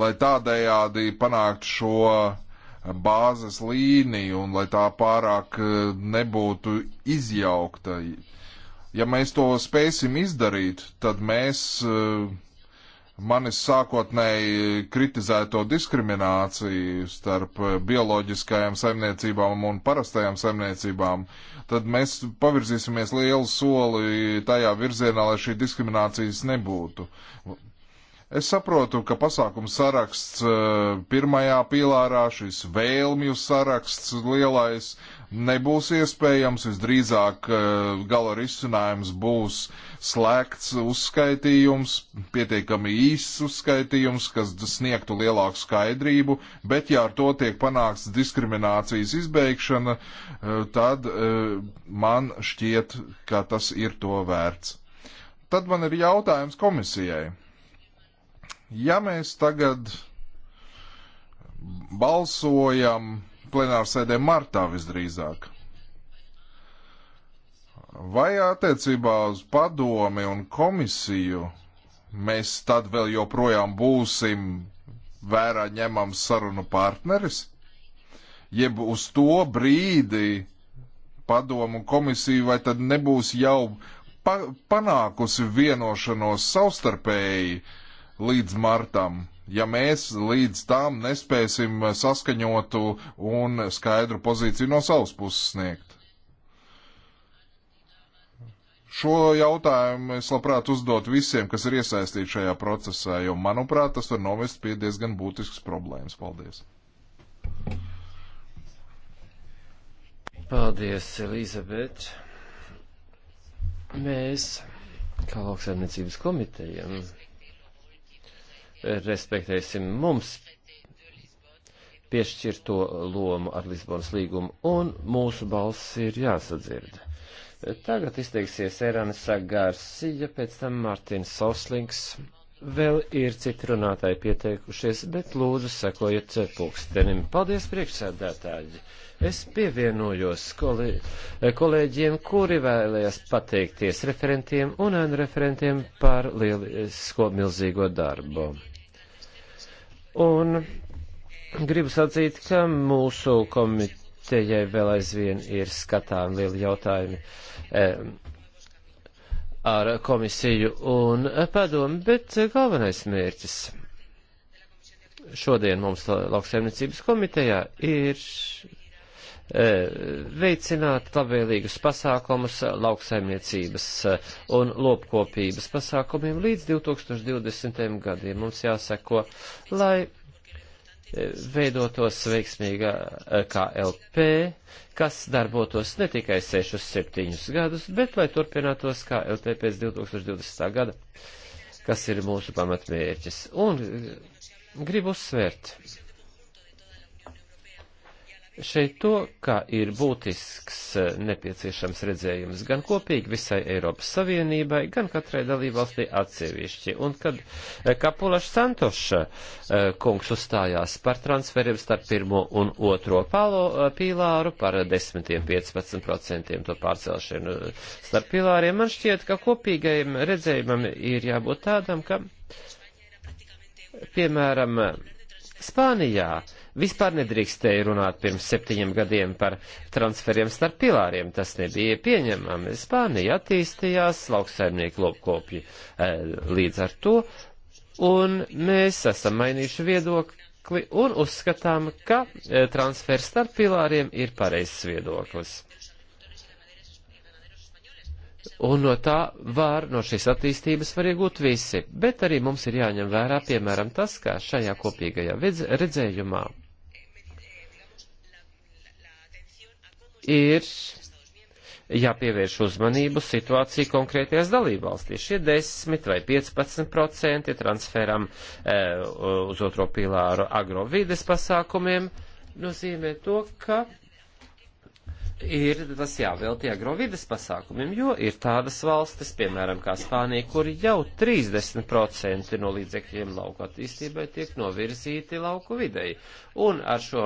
lai tādējādi panāktu šo bāzes līniju un lai tā pārāk eh, nebūtu izjaukta. Ja mēs to spēsim izdarīt, tad mēs eh, manis sākotnēji kritizēto diskrimināciju starp eh, bioloģiskajām saimniecībām un parastajām saimniecībām, tad mēs pavirzīsimies lielu soli tajā virzienā, lai šī diskriminācijas nebūtu. Es saprotu, ka pasākumu saraksts eh, pirmajā pīlārā, šis vēlmju saraksts lielais nebūs iespējams. Visdrīzāk eh, gala risinājums būs slēgts uzskaitījums, pietiekami īsts uzskaitījums, kas sniegtu lielāku skaidrību, bet ja ar to tiek panāks diskriminācijas izbeigšana, eh, tad man šķiet, ka tas ir to vērts. Tad man ir jautājums komisijai Ja mēs tagad balsojam plenārsēdē martā visdrīzāk, vai attiecībā uz padomi un komisiju mēs tad vēl joprojām būsim vērā ņemams sarunu partneris? Jeb uz to brīdi padomu komisiju vai tad nebūs jau pa panākusi vienošanos savstarpēji uh, līdz martam, ja mēs līdz tam nespēsim saskaņotu un skaidru pozīciju no savas puses sniegt. Šo jautājumu es labprāt uzdot visiem, kas ir iesaistīti šajā procesā, jo, manuprāt, tas var novest pie diezgan būtiskas problēmas. Paldies! Paldies, Elizabete! Mēs, kā lauksaimniecības komitejam, respektēsim mums piešķirto lomu ar Lisbonas līgumu, un mūsu balss ir jāsadzird. Tagad izteiksies Eranisa Garsija, pēc tam Mārtiņš Sauslings. Vēl ir citi runātāji pieteikušies, bet lūdzu sekojiet pulkstenim. Paldies, priekšsēdētāji! Es pievienojos kolē, kolēģiem, kuri vēlējās pateikties referentiem un referentiem par lielisko milzīgo darbu. Un gribu sacīt, ka mūsu komitejai vēl aizvien ir skatām lieli jautājumi. Um, ar komisiju un padomu, bet galvenais mērķis šodien mums lauksaimniecības komitejā ir E, veicināt labvēlīgus pasākumus lauksaimniecības e, un lopkopības pasākumiem līdz 2020. gadiem. Mums jāseko, lai e, veidotos veiksmīga KLP, kas darbotos ne tikai 6-7 gadus, bet lai turpinātos KLP pēc 2020. gada, kas ir mūsu pamatmērķis. Un gribu uzsvērt šeit to, ka ir būtisks eh, nepieciešams redzējums gan kopīgi visai Eiropas Savienībai, gan katrai dalībvalstī atsevišķi. Un kad eh, Kapulaš Santoša eh, kungs uzstājās par transferiem starp pirmo un otro palo, pīlāru par 10-15% to pārcelšanu starp pīlāriem, man šķiet, ka kopīgajam redzējumam ir jābūt tādam, ka, piemēram, Spānijā vispār nedrīkstēja runāt pirms septiņiem gadiem par transferiem starp pilāriem. Tas nebija pieņemami. Spānija attīstījās, lauksaimnieki lopkopji e, līdz ar to, un mēs esam mainījuši viedokli un uzskatām, ka e, transfers starp pilāriem ir pareizs viedoklis. Un no tā var, no šīs attīstības var iegūt visi, bet arī mums ir jāņem vērā, piemēram, tas, kā šajā kopīgajā redzējumā ir jāpievērš uzmanību situāciju konkrētajās dalībvalstīs. Šie 10 vai 15 procenti transferam e, uz otro pilāru agrovides pasākumiem nozīmē to, ka ir tas jāvēltie agrovides pasākumiem, jo ir tādas valstis, piemēram, kā Spānija, kur jau 30% no līdzekļiem lauku attīstībai tiek novirzīti lauku videi. Un ar šo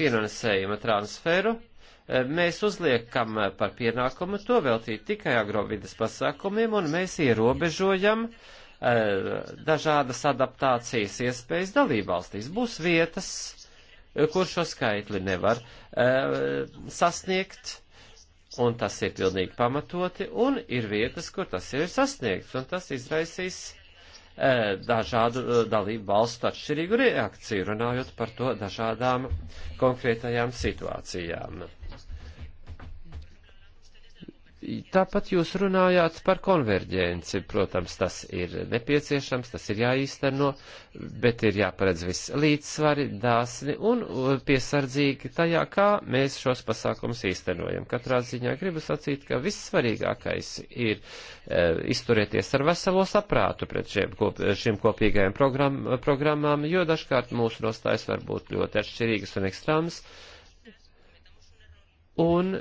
finansējuma transferu eh, mēs uzliekam eh, par pienākumu to veltīt tikai agrovides pasākumiem, un mēs ierobežojam eh, dažādas adaptācijas iespējas dalībvalstīs. Būs vietas, kur šo skaitli nevar e, sasniegt, un tas ir pilnīgi pamatoti, un ir vietas, kur tas jau ir sasniegts, un tas izraisīs e, dažādu eh, dalību valstu atšķirīgu reakciju, runājot par to dažādām konkrētajām situācijām. Tāpat jūs runājāt par konverģenci. Protams, tas ir nepieciešams, tas ir jāīsteno, bet ir jāparedz viss līdzsvari, dāsni un piesardzīgi tajā, kā mēs šos pasākumus īstenojam. Katrā ziņā gribu sacīt, ka vissvarīgākais ir e, izturēties ar veselo saprātu pret šiem, kop, šiem kopīgajiem program, programmām, jo dažkārt mūsu nostājas var būt ļoti atšķirīgas un ekstrēmas. Un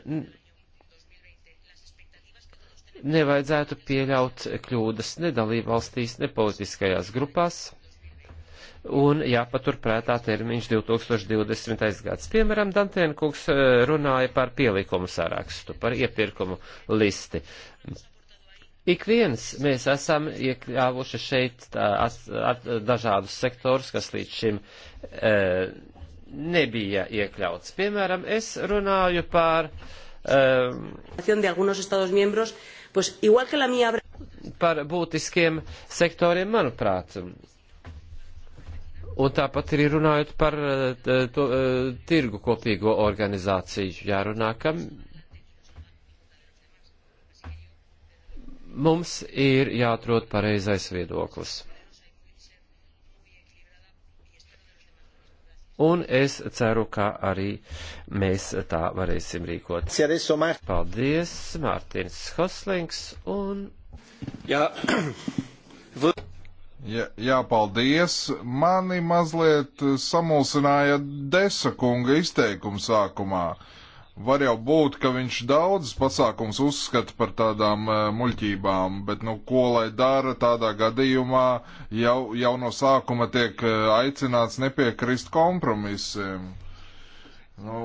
nevajadzētu pieļaut kļūdas ne dalībvalstīs, ne politiskajās grupās. Un jāpaturprātā termiņš 2020. gads. Piemēram, Dantēna kungs eh, runāja par pielikumu sarakstu, par iepirkumu listi. Ik viens mēs esam iekļāvuši šeit eh, at, at, dažādus sektorus, kas līdz šim e, nebija iekļauts. Piemēram, es runāju par. E, Pues, igual que la mía... Par būtiskiem sektoriem, manuprāt. Un tāpat arī runājot par eh, to, eh, tirgu kopīgo organizāciju, jārunā, ka mums ir jāatrod pareizais viedoklis. Un es ceru, ka arī mēs tā varēsim rīkot. Paldies, Mārtiņš Hoslings. Un... Jā. Jā, jā, paldies. Mani mazliet samulsināja desa kunga izteikuma sākumā. Uh, Var jau būt, ka viņš daudz pasākums uzskata par tādām uh, muļķībām, bet nu, ko lai dara tādā gadījumā, jau, jau no sākuma tiek uh, aicināts nepiekrist kompromisiem. Nu,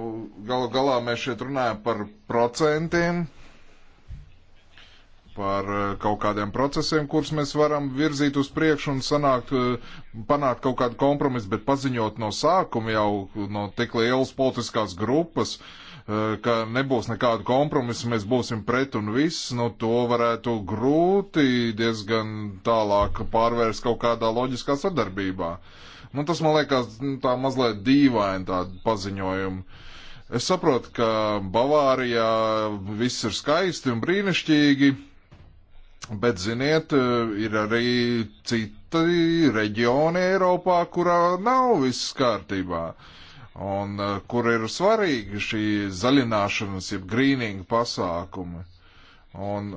galu galā mēs šeit runājam par procentiem, par eh, kaut kādiem procesiem, kurus mēs varam virzīt uz priekšu un sanākt, panākt kaut kādu kompromisu, bet paziņot no sākuma jau no tik lielas politiskās grupas, Eh, ka nebūs nekādu kompromisu, mēs būsim pret un viss, nu to varētu grūti diezgan tālāk pārvērst kaut kādā loģiskā sadarbībā. Man nu, tas, man liekas, nu, tā mazliet dīvaini tādu paziņojumu. Es saprotu, ka Bavārijā viss ir skaisti un brīnišķīgi, bet, ziniet, eh, ir arī citi reģioni Eiropā, kurā nav viss kārtībā. Uh, un eh, kur ir svarīgi šī zaļināšanas, jeb grīnīga pasākumi. Un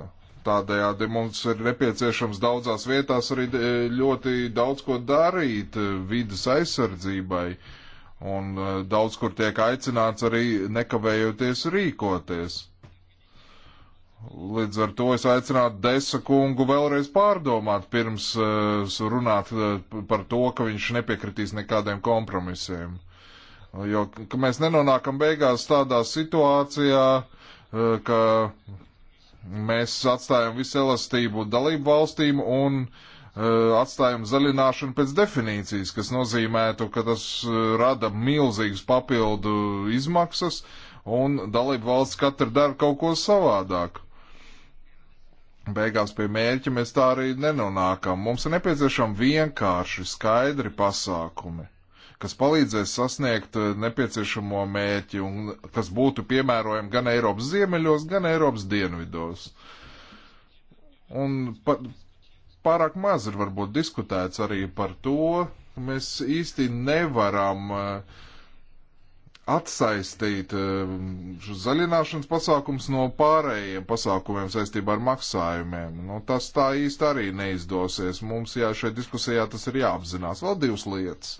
tādējādi mums ir nepieciešams daudzās vietās arī eh, ļoti daudz ko darīt eh, vidas aizsardzībai, un daudz kur tiek aicināts arī nekavējoties rīkoties. Līdz ar to es aicinātu Desa kungu vēlreiz pārdomāt pirms runāt par to, ka viņš nepiekritīs nekādiem kompromisiem. Jo mēs nenonākam beigās tādā situācijā, eh, ka mēs atstājam visu elastību dalību valstīm un eh, atstājam zaļināšanu pēc definīcijas, kas nozīmētu, ka tas eh, rada milzīgas papildu izmaksas un dalību valsts katra dara kaut ko savādāk. Beigās pie mērķa mēs tā arī nenonākam. Mums ir nepieciešami vienkārši, skaidri pasākumi kas palīdzēs sasniegt eh, nepieciešamo mērķi un kas būtu piemērojami gan Eiropas ziemeļos, gan Eiropas dienvidos. Un pa, pārāk maz ir varbūt diskutēts arī par to, ka mēs īsti nevaram uh, atsaistīt šo eh, zaļināšanas pasākums no pārējiem pasākumiem saistībā ar maksājumiem. Nu, tas tā īsti arī neizdosies. Mums jā, šajā diskusijā tas ir jāapzinās. Vēl divas lietas.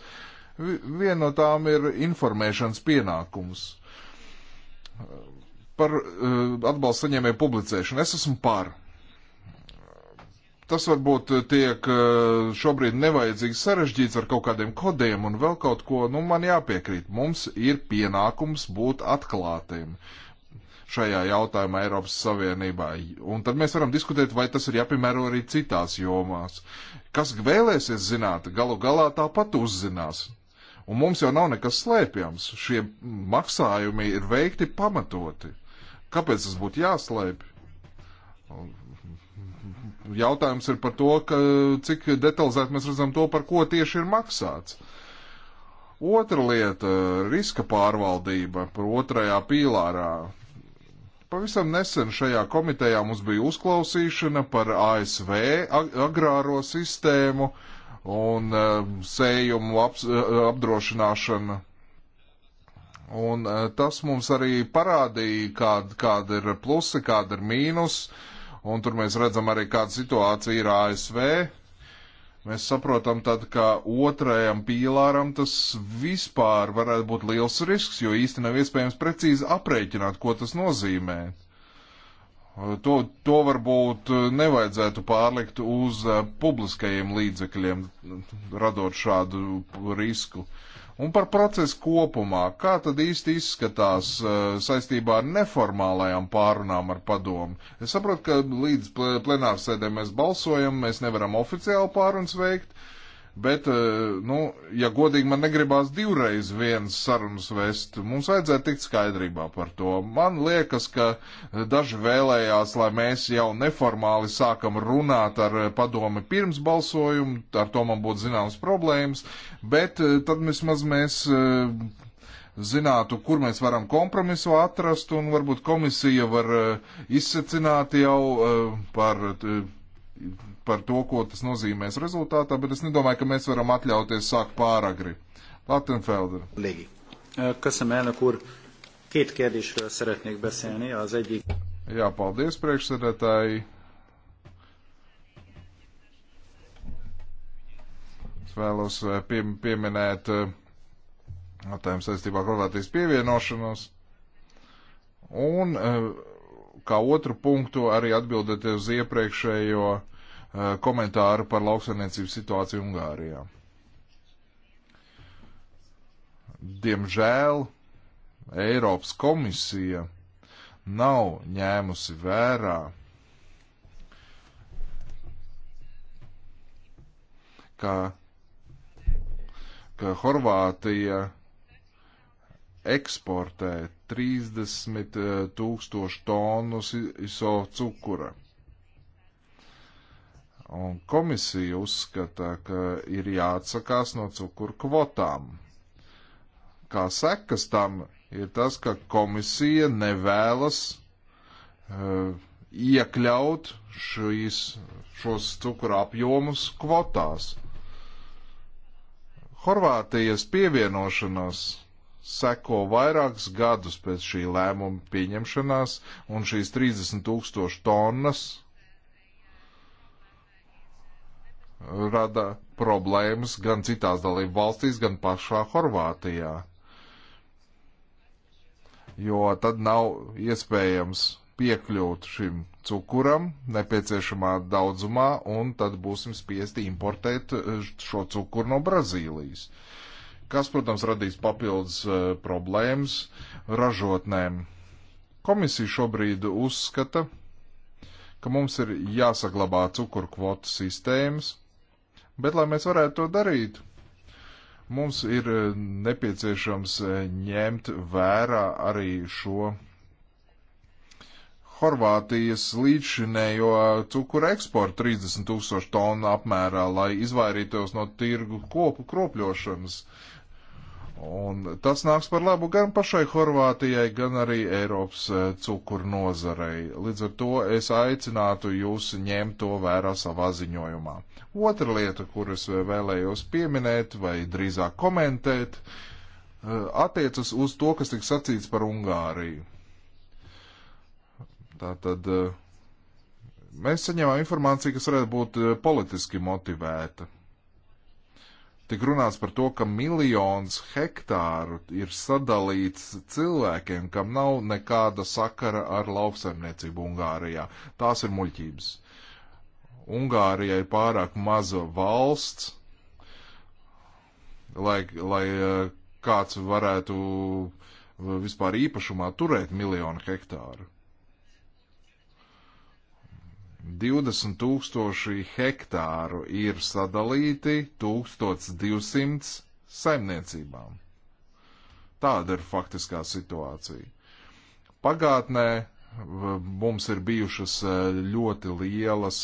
Viena no tām ir informēšanas pienākums par eh, atbalsta saņēmēju publicēšanu. Es esmu par. Tas varbūt tiek eh, šobrīd nevajadzīgi sarežģīts ar kaut kādiem kodiem un vēl kaut ko. Nu, man jāpiekrīt, mums ir pienākums būt atklātiem šajā jautājumā Eiropas Savienībā. Un tad mēs varam diskutēt, vai tas ir jāpiemēro arī citās jomās. Kas vēlēsies zināt, galu galā tāpat uzzinās. Un mums jau nav nekas slēpjams. Šie maksājumi ir veikti pamatoti. Kāpēc tas būtu jāslēpj? Jautājums ir par to, ka, cik detalizēti mēs redzam to, par ko tieši ir maksāts. Otra lieta - riska pārvaldība par otrajā pīlārā. Pavisam nesen šajā komitejā mums bija uzklausīšana par ASV agrāro sistēmu, uh, un um, sējumu uh, apdrošināšana. Un uh, tas mums arī parādīja, kāda, kāda ir plusi, kāda ir mīnus, un tur mēs redzam arī, kāda situācija ir ASV. Mēs saprotam tad, ka otrajam pīlāram tas vispār varētu būt liels risks, jo īsti nav iespējams precīzi aprēķināt, ko tas nozīmē. To, to varbūt nevajadzētu pārlikt uz eh, publiskajiem līdzekļiem, radot šādu risku. Un par procesu kopumā, kā tad īsti izskatās eh, saistībā ar neformālajām pārunām ar padomu? Es saprotu, ka līdz plenārsēdē mēs balsojam, mēs nevaram oficiāli pārunas veikt, Bet, eh, nu, ja godīgi man negribās divreiz vienas sarunas vest, mums vajadzēja tikt skaidrībā par to. Man liekas, ka eh, daži vēlējās, lai mēs jau neformāli sākam runāt ar eh, padomi pirms balsojumu, ar to man būtu zināmas problēmas, bet tad vismaz mēs zinātu, kur mēs varam kompromisu atrast, un varbūt komisija var izsacināt jau par par to, ko tas nozīmēs rezultātā, bet es nedomāju, ka mēs varam atļauties sākt pāragri. Lattenfelder. Līgi. Köszönöm, elnök úr. Két kérdésről szeretnék beszélni. Az egyik... Jā, paldies, priekšsēdētāji. Es vēlos pie, pieminēt jautājumu saistībā ar Horvātijas pievienošanos. Un kā otru punktu arī atbildēt uz iepriekšējo Eh, komentāru par lauksaimniecības situāciju Ungārijā. Diemžēl Eiropas komisija nav ņēmusi vērā ka, ka Horvātija eksportē 30 eh, tūkstošu tonus iso cukura. Un komisija uzskata, ka ir jāatsakās no cukuru kvotām. Kā sekas tam ir tas, ka komisija nevēlas uh, iekļaut šīs, šos cukuru apjomus kvotās. Horvātijas pievienošanās seko vairākus gadus pēc šī lēmuma pieņemšanās, un šīs 30 tūkstoši tonnas rada problēmas gan citās dalību valstīs, gan pašā Horvātijā. Jo tad nav iespējams piekļūt šim cukuram nepieciešamā daudzumā, un tad būsim spiesti importēt eh, šo cukuru no Brazīlijas. Kas, protams, radīs papildus eh, problēmas ražotnēm. Komisija šobrīd uzskata, ka mums ir jāsaglabā cukuru kvotu sistēmas, Bet, lai mēs varētu to darīt, mums ir eh, nepieciešams eh, ņemt vērā arī šo Horvātijas līdzšinējo cukuru eksportu 30 tūkstošu tonu apmērā, lai izvairītos no tirgu kopu kropļošanas. Un tas nāks par labu gan pašai Horvātijai, gan arī Eiropas eh, cukuru nozarei. Līdz ar to es aicinātu jūs ņemt to vērā savā ziņojumā. Otra lieta, kuras vēlējos pieminēt vai drīzāk komentēt, eh, attiecas uz to, kas tika sacīts par Ungāriju. Tātad eh, mēs saņēmām informāciju, kas varētu būt politiski motivēta Tik runāts par to, ka miljons hektāru ir sadalīts cilvēkiem, kam nav nekāda sakara ar lauksaimniecību Ungārijā. Tās ir muļķības. Ungārija ir pārāk maza valsts, lai, lai eh, kāds varētu vispār īpašumā turēt miljonu hektāru. 20 tūkstoši hektāru ir sadalīti 1200 saimniecībām. Tāda ir faktiskā situācija. Pagātnē mums ir bijušas e, ļoti lielas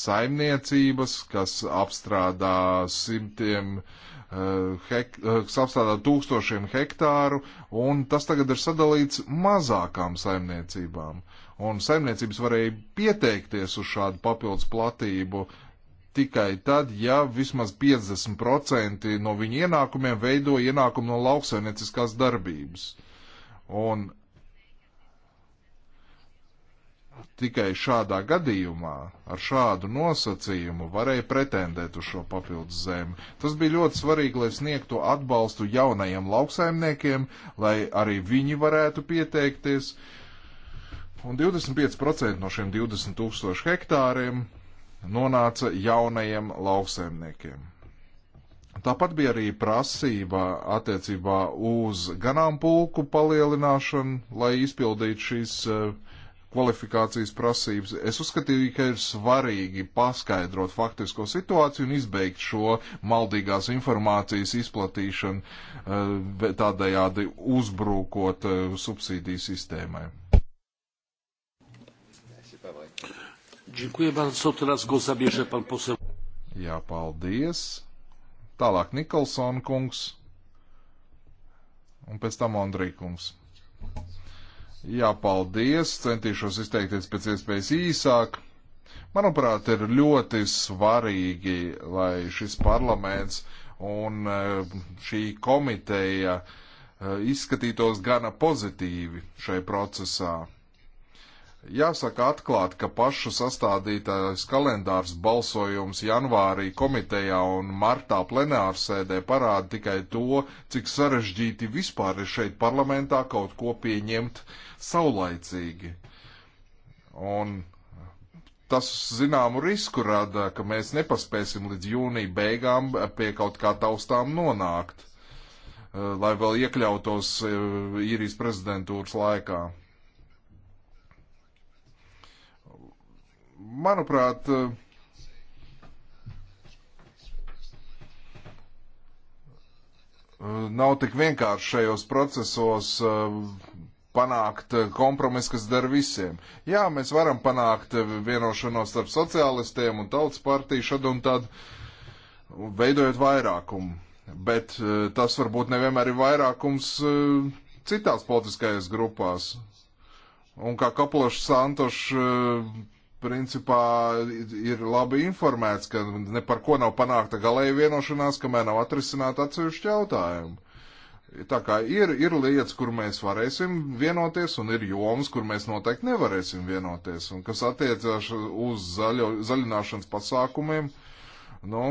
saimniecības, kas apstrādā simtiem, e, hek, e, apstrādā tūkstošiem hektāru, un tas tagad ir sadalīts mazākām saimniecībām un saimniecības varēja pieteikties uz šādu papildus platību tikai tad, ja vismaz 50% no viņu ienākumiem veido ienākumu no lauksaimnieciskās darbības. Un tikai šādā gadījumā, ar šādu nosacījumu, varēja pretendēt uz šo papildus zemi. Tas bija ļoti svarīgi, lai sniegtu atbalstu jaunajiem lauksaimniekiem, lai arī viņi varētu pieteikties. Uh, Un 25% no šiem 20 tūkstošu hektāriem nonāca jaunajiem lauksaimniekiem. Tāpat bija arī prasība attiecībā uz ganāmpulku palielināšanu, lai izpildītu šīs eh, kvalifikācijas prasības. Es uzskatīju, ka ir svarīgi paskaidrot faktisko situāciju un izbeigt šo maldīgās informācijas izplatīšanu, eh, tādējādi uzbrūkot eh, subsīdiju sistēmai. Dziękuję bardzo. Teraz głos zabierze pan poseł. Jā, paldies. Tālāk Nikolson kungs un pēc tam Andrija kungs. Jā, paldies. Centīšos izteikties pēc iespējas īsāk. Manuprāt, ir ļoti svarīgi, lai šis parlaments un e, šī komiteja e, izskatītos gana pozitīvi šai procesā. Jāsaka atklāti, ka pašu sastādītais kalendārs balsojums janvārī komitejā un martā plenārsēdē parāda tikai to, cik sarežģīti vispār ir šeit parlamentā kaut ko pieņemt saulaicīgi. Un tas zināmu risku rada, ka mēs nepaspēsim līdz jūnija beigām pie kaut kā taustām nonākt, eh, lai vēl iekļautos eh, īrijas prezidentūras laikā. Manuprāt, eh, nav tik vienkārši šajos procesos eh, panākt eh, kompromisu, kas der visiem. Jā, mēs varam panākt vienošanos starp sociālistiem un tautas partiju šad un tad, veidojot vairākumu. Bet tas varbūt nevienmēr ir vairākums citās politiskajās grupās. Un kā Kaplošs Santošs principā ir labi informēts, ka ne par ko nav panākta galēja vienošanās, kamēr nav atrisināta atsevišķa jautājuma. Tā kā ir, ir lietas, kur mēs varēsim vienoties, un ir jomas, kur mēs noteikti nevarēsim vienoties. Un kas attiecās uz zaļo, zaļināšanas pasākumiem, nu,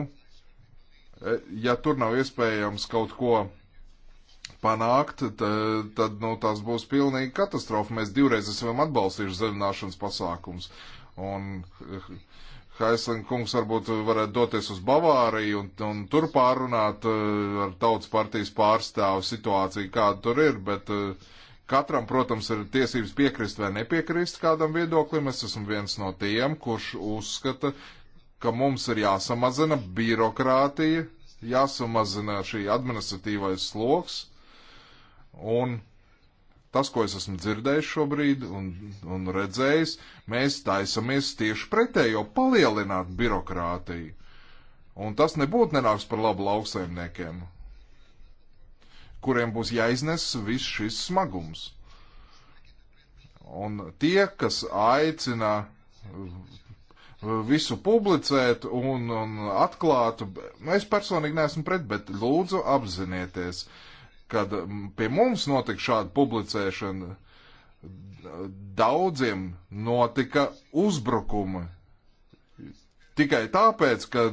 e, ja tur nav iespējams kaut ko panākt, tad, tad nu, tās būs pilnīgi katastrofa. Mēs divreiz esam atbalstījuši zaļināšanas pasākums. Uh, Un eh, Haislin kungs varbūt varētu doties uz Bavāriju un, un tur pārunāt eh, ar tautas partijas pārstāvu situāciju, kāda tur ir, bet eh, katram, protams, ir tiesības piekrist vai nepiekrist kādam viedoklim. Es esmu viens no tiem, kurš uzskata, ka mums ir jāsamazina birokrātija, jāsamazina šī administratīvais sloks un Tas, ko es esmu dzirdējis šobrīd un, un redzējis, mēs taisamies tieši pretējo palielināt birokrātiju. Un tas nebūtu nenāks par labu lauksaimniekiem, kuriem būs jāiznes viss šis smagums. Un tie, kas aicina visu publicēt un, un atklātu. Es personīgi neesmu pret, bet lūdzu apzinieties, kad pie mums notika šāda publicēšana, daudziem notika uzbrukumi. Tikai tāpēc, ka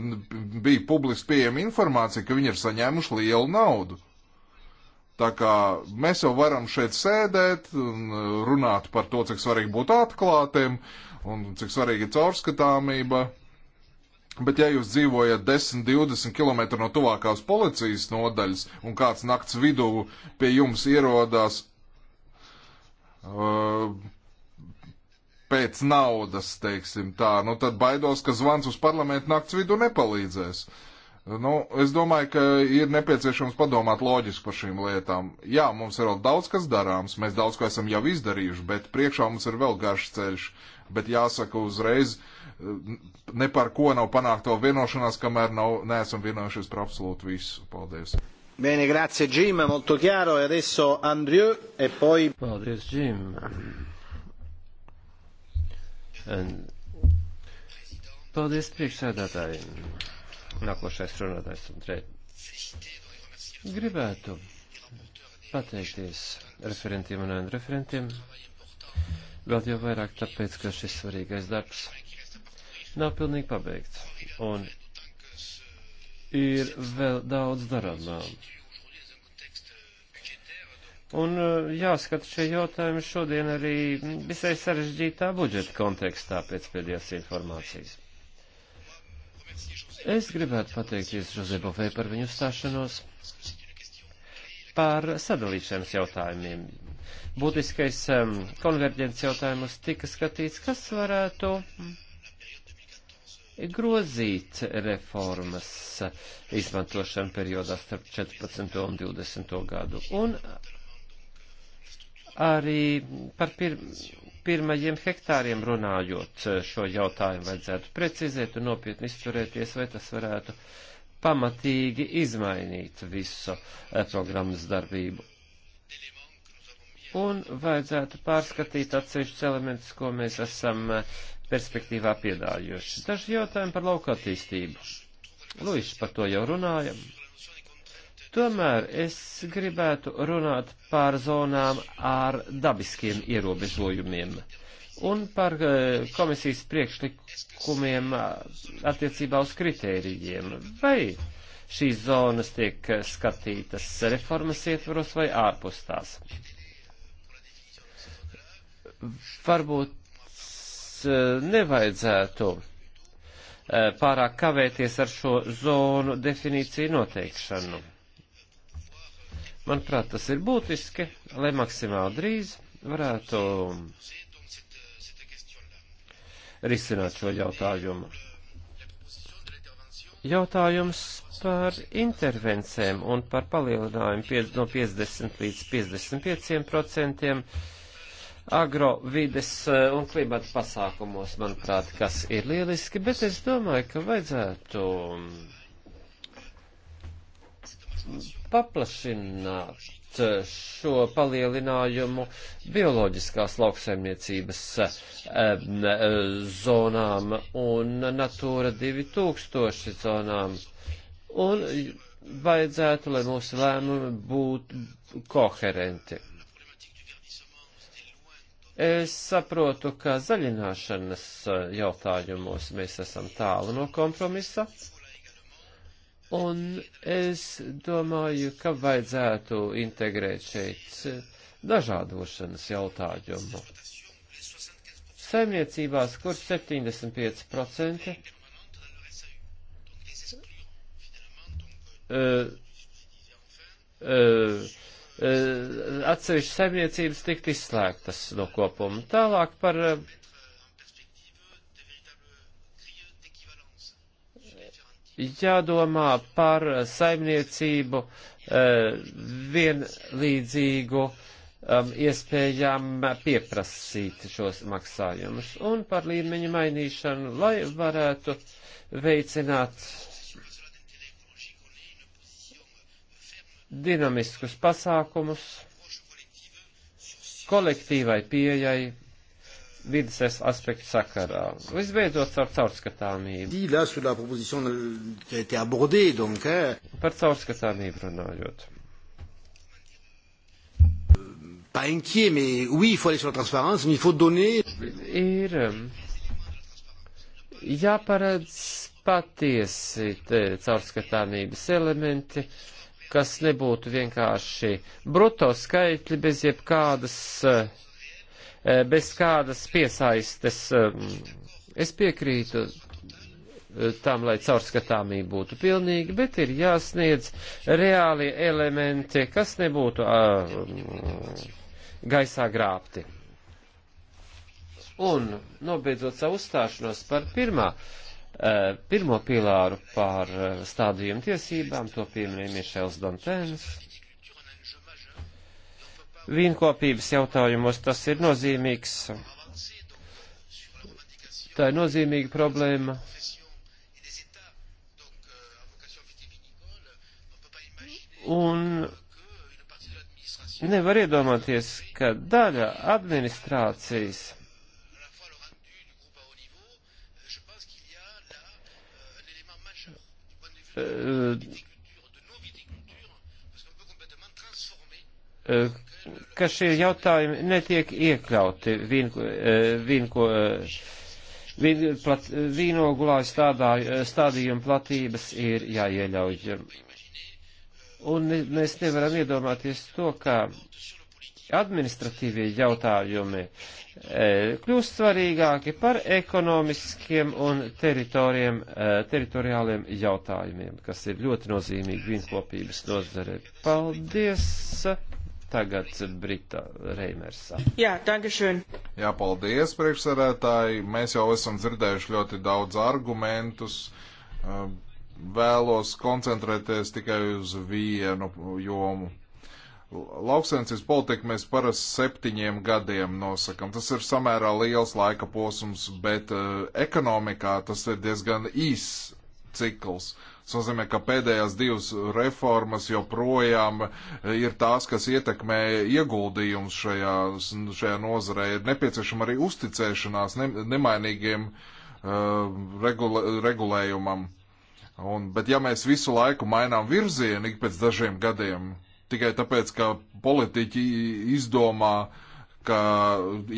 bija publiski pieejama informācija, ka viņi ir saņēmuši lielu naudu. Tā kā mēs jau varam šeit sēdēt un e, runāt par to, cik svarīgi būt atklātiem un cik svarīgi ir caurskatāmība. Bet ja jūs dzīvojat 10, 20 km no tuvākās policijas nodaļas un kāds nakts vidū pie jums ierodās uh, pēc naudas, teiksim tā, nu tad baidos, ka zvans uz parlamentu nakts vidū nepalīdzēs. Nu, es domāju, ka ir nepieciešams padomāt loģiski par šīm lietām. Jā, mums ir vēl daudz kas darāms, mēs daudz ko esam jau izdarījuši, bet priekšā mums ir vēl garš ceļš. Uh, bet jāsaka uzreiz, ne par ko nav panākt vēl vienošanās, kamēr nav, neesam vienojušies par absolūtu visu. Paldies! Bene, grazie Jim, molto chiaro. E adesso Andrieu e poi... Paldies, Jim. And... Paldies priekšsēdētājiem. Nākošais runātājs Andrei. Gribētu pateikties referentiem un referentiem Vēl jau vairāk tāpēc, ka šis svarīgais darbs nav pilnīgi pabeigts. Un ir vēl daudz darāmā. Un uh, jāskata šie jautājumi šodien arī visai sarežģītā budžeta kontekstā pēc pēdējās informācijas. Es gribētu pateikties Žozebovai par viņu stāšanos, par sadalīšanas jautājumiem, būtiskais um, konverģents jautājumus tika skatīts, kas varētu grozīt reformas izmantošanu periodā starp 14. un 20. gadu. Un arī par pir pirmajiem hektāriem runājot šo jautājumu vajadzētu precizēt un nopietni izturēties, vai tas varētu pamatīgi izmainīt visu eh, programmas darbību un vajadzētu pārskatīt atsevišķus elementus, ko mēs esam eh, perspektīvā piedāļojuši. Daži jautājumi par lauka attīstību. Luīšs par to jau runājam. Tomēr es gribētu runāt par zonām ar dabiskiem ierobežojumiem un par eh, komisijas priekšlikumiem eh, attiecībā uz kritērijiem. Vai šīs zonas tiek skatītas reformas ietvaros vai ārpus tās? varbūt eh, nevajadzētu eh, pārāk kavēties ar šo zonu definīciju noteikšanu. Manuprāt, tas ir būtiski, lai maksimāli drīz varētu risināt šo jautājumu. Jautājums par intervencēm un par palielinājumu no 50 līdz 55 procentiem. Uh, agrovides eh, un klimata pasākumos, manuprāt, kas ir lieliski, bet es domāju, ka vajadzētu paplašināt eh, šo palielinājumu bioloģiskās lauksaimniecības eh, zonām un Natūra 2000 zonām. Un vajadzētu, lai mūsu lēmumi būtu koherenti. Es saprotu, ka zaļināšanas eh, jautājumos mēs esam tālu no kompromisa, un es domāju, ka vajadzētu integrēt šeit eh, dažādošanas jautājumu. Saimniecībās, kur 75% uh, uh, Eh, atsevišķas saimniecības tikt izslēgtas no kopuma. Tālāk par eh, jādomā par saimniecību eh, vienlīdzīgu um, iespējām pieprasīt šos maksājumus un par līmeņu mainīšanu, lai varētu veicināt dinamiskus pasākumus kolektīvai pieejai vidas aspektu sakarā. Visbeidzot, ar caurskatāmību. Par caurskatāmību runājot. Ir um, jāparedz patiesi caurskatāmības elementi kas nebūtu vienkārši bruto skaitļi bez jebkādas, eh, eh, bez kādas piesaistes. Eh, es piekrītu tam, lai caurskatāmība būtu pilnīga, bet ir jāsniedz reāli elementi, kas nebūtu uh, gaisā grābti. Un, nobeidzot savu uzstāšanos par pirmā uh, Eh, pirmo pilāru par eh, stādījumu tiesībām, to pieminēja Mišels Dantēns. Vīnkopības jautājumos tas ir nozīmīgs. Tā ir nozīmīga problēma. Un nevar iedomāties, ka daļa administrācijas Eh, ka šie jautājumi netiek iekļauti vīnko, eh, vīnko, eh, vīn, plat, vīnogulāju stādā, stādījumu platības ir jāieļauj. Un mēs nevaram iedomāties to, ka administratīvie jautājumi e, kļūst svarīgāki par ekonomiskiem un e, teritoriāliem jautājumiem, kas ir ļoti nozīmīgi vīnkopības nozare. Paldies! Tagad Brita Reimersa. Jā, tagašvien. Jā, paldies, priekšsarētāji. Mēs jau esam dzirdējuši ļoti daudz argumentus. Ehm, vēlos koncentrēties tikai uz vienu jomu Lauksainicības politiku mēs parasti septiņiem gadiem nosakam. Tas ir samērā liels laika posms, bet uh, ekonomikā tas ir diezgan īss cikls. Tas nozīmē, ka pēdējās divas reformas joprojām eh, ir tās, kas ietekmē ieguldījums šajā, šajā nozarē. Ir nepieciešama arī uzticēšanās ne, nemainīgiem uh, regula, regulējumam. Un, bet ja mēs visu laiku mainām virzienu ik pēc dažiem gadiem, tikai tāpēc, ka politiķi izdomā, ka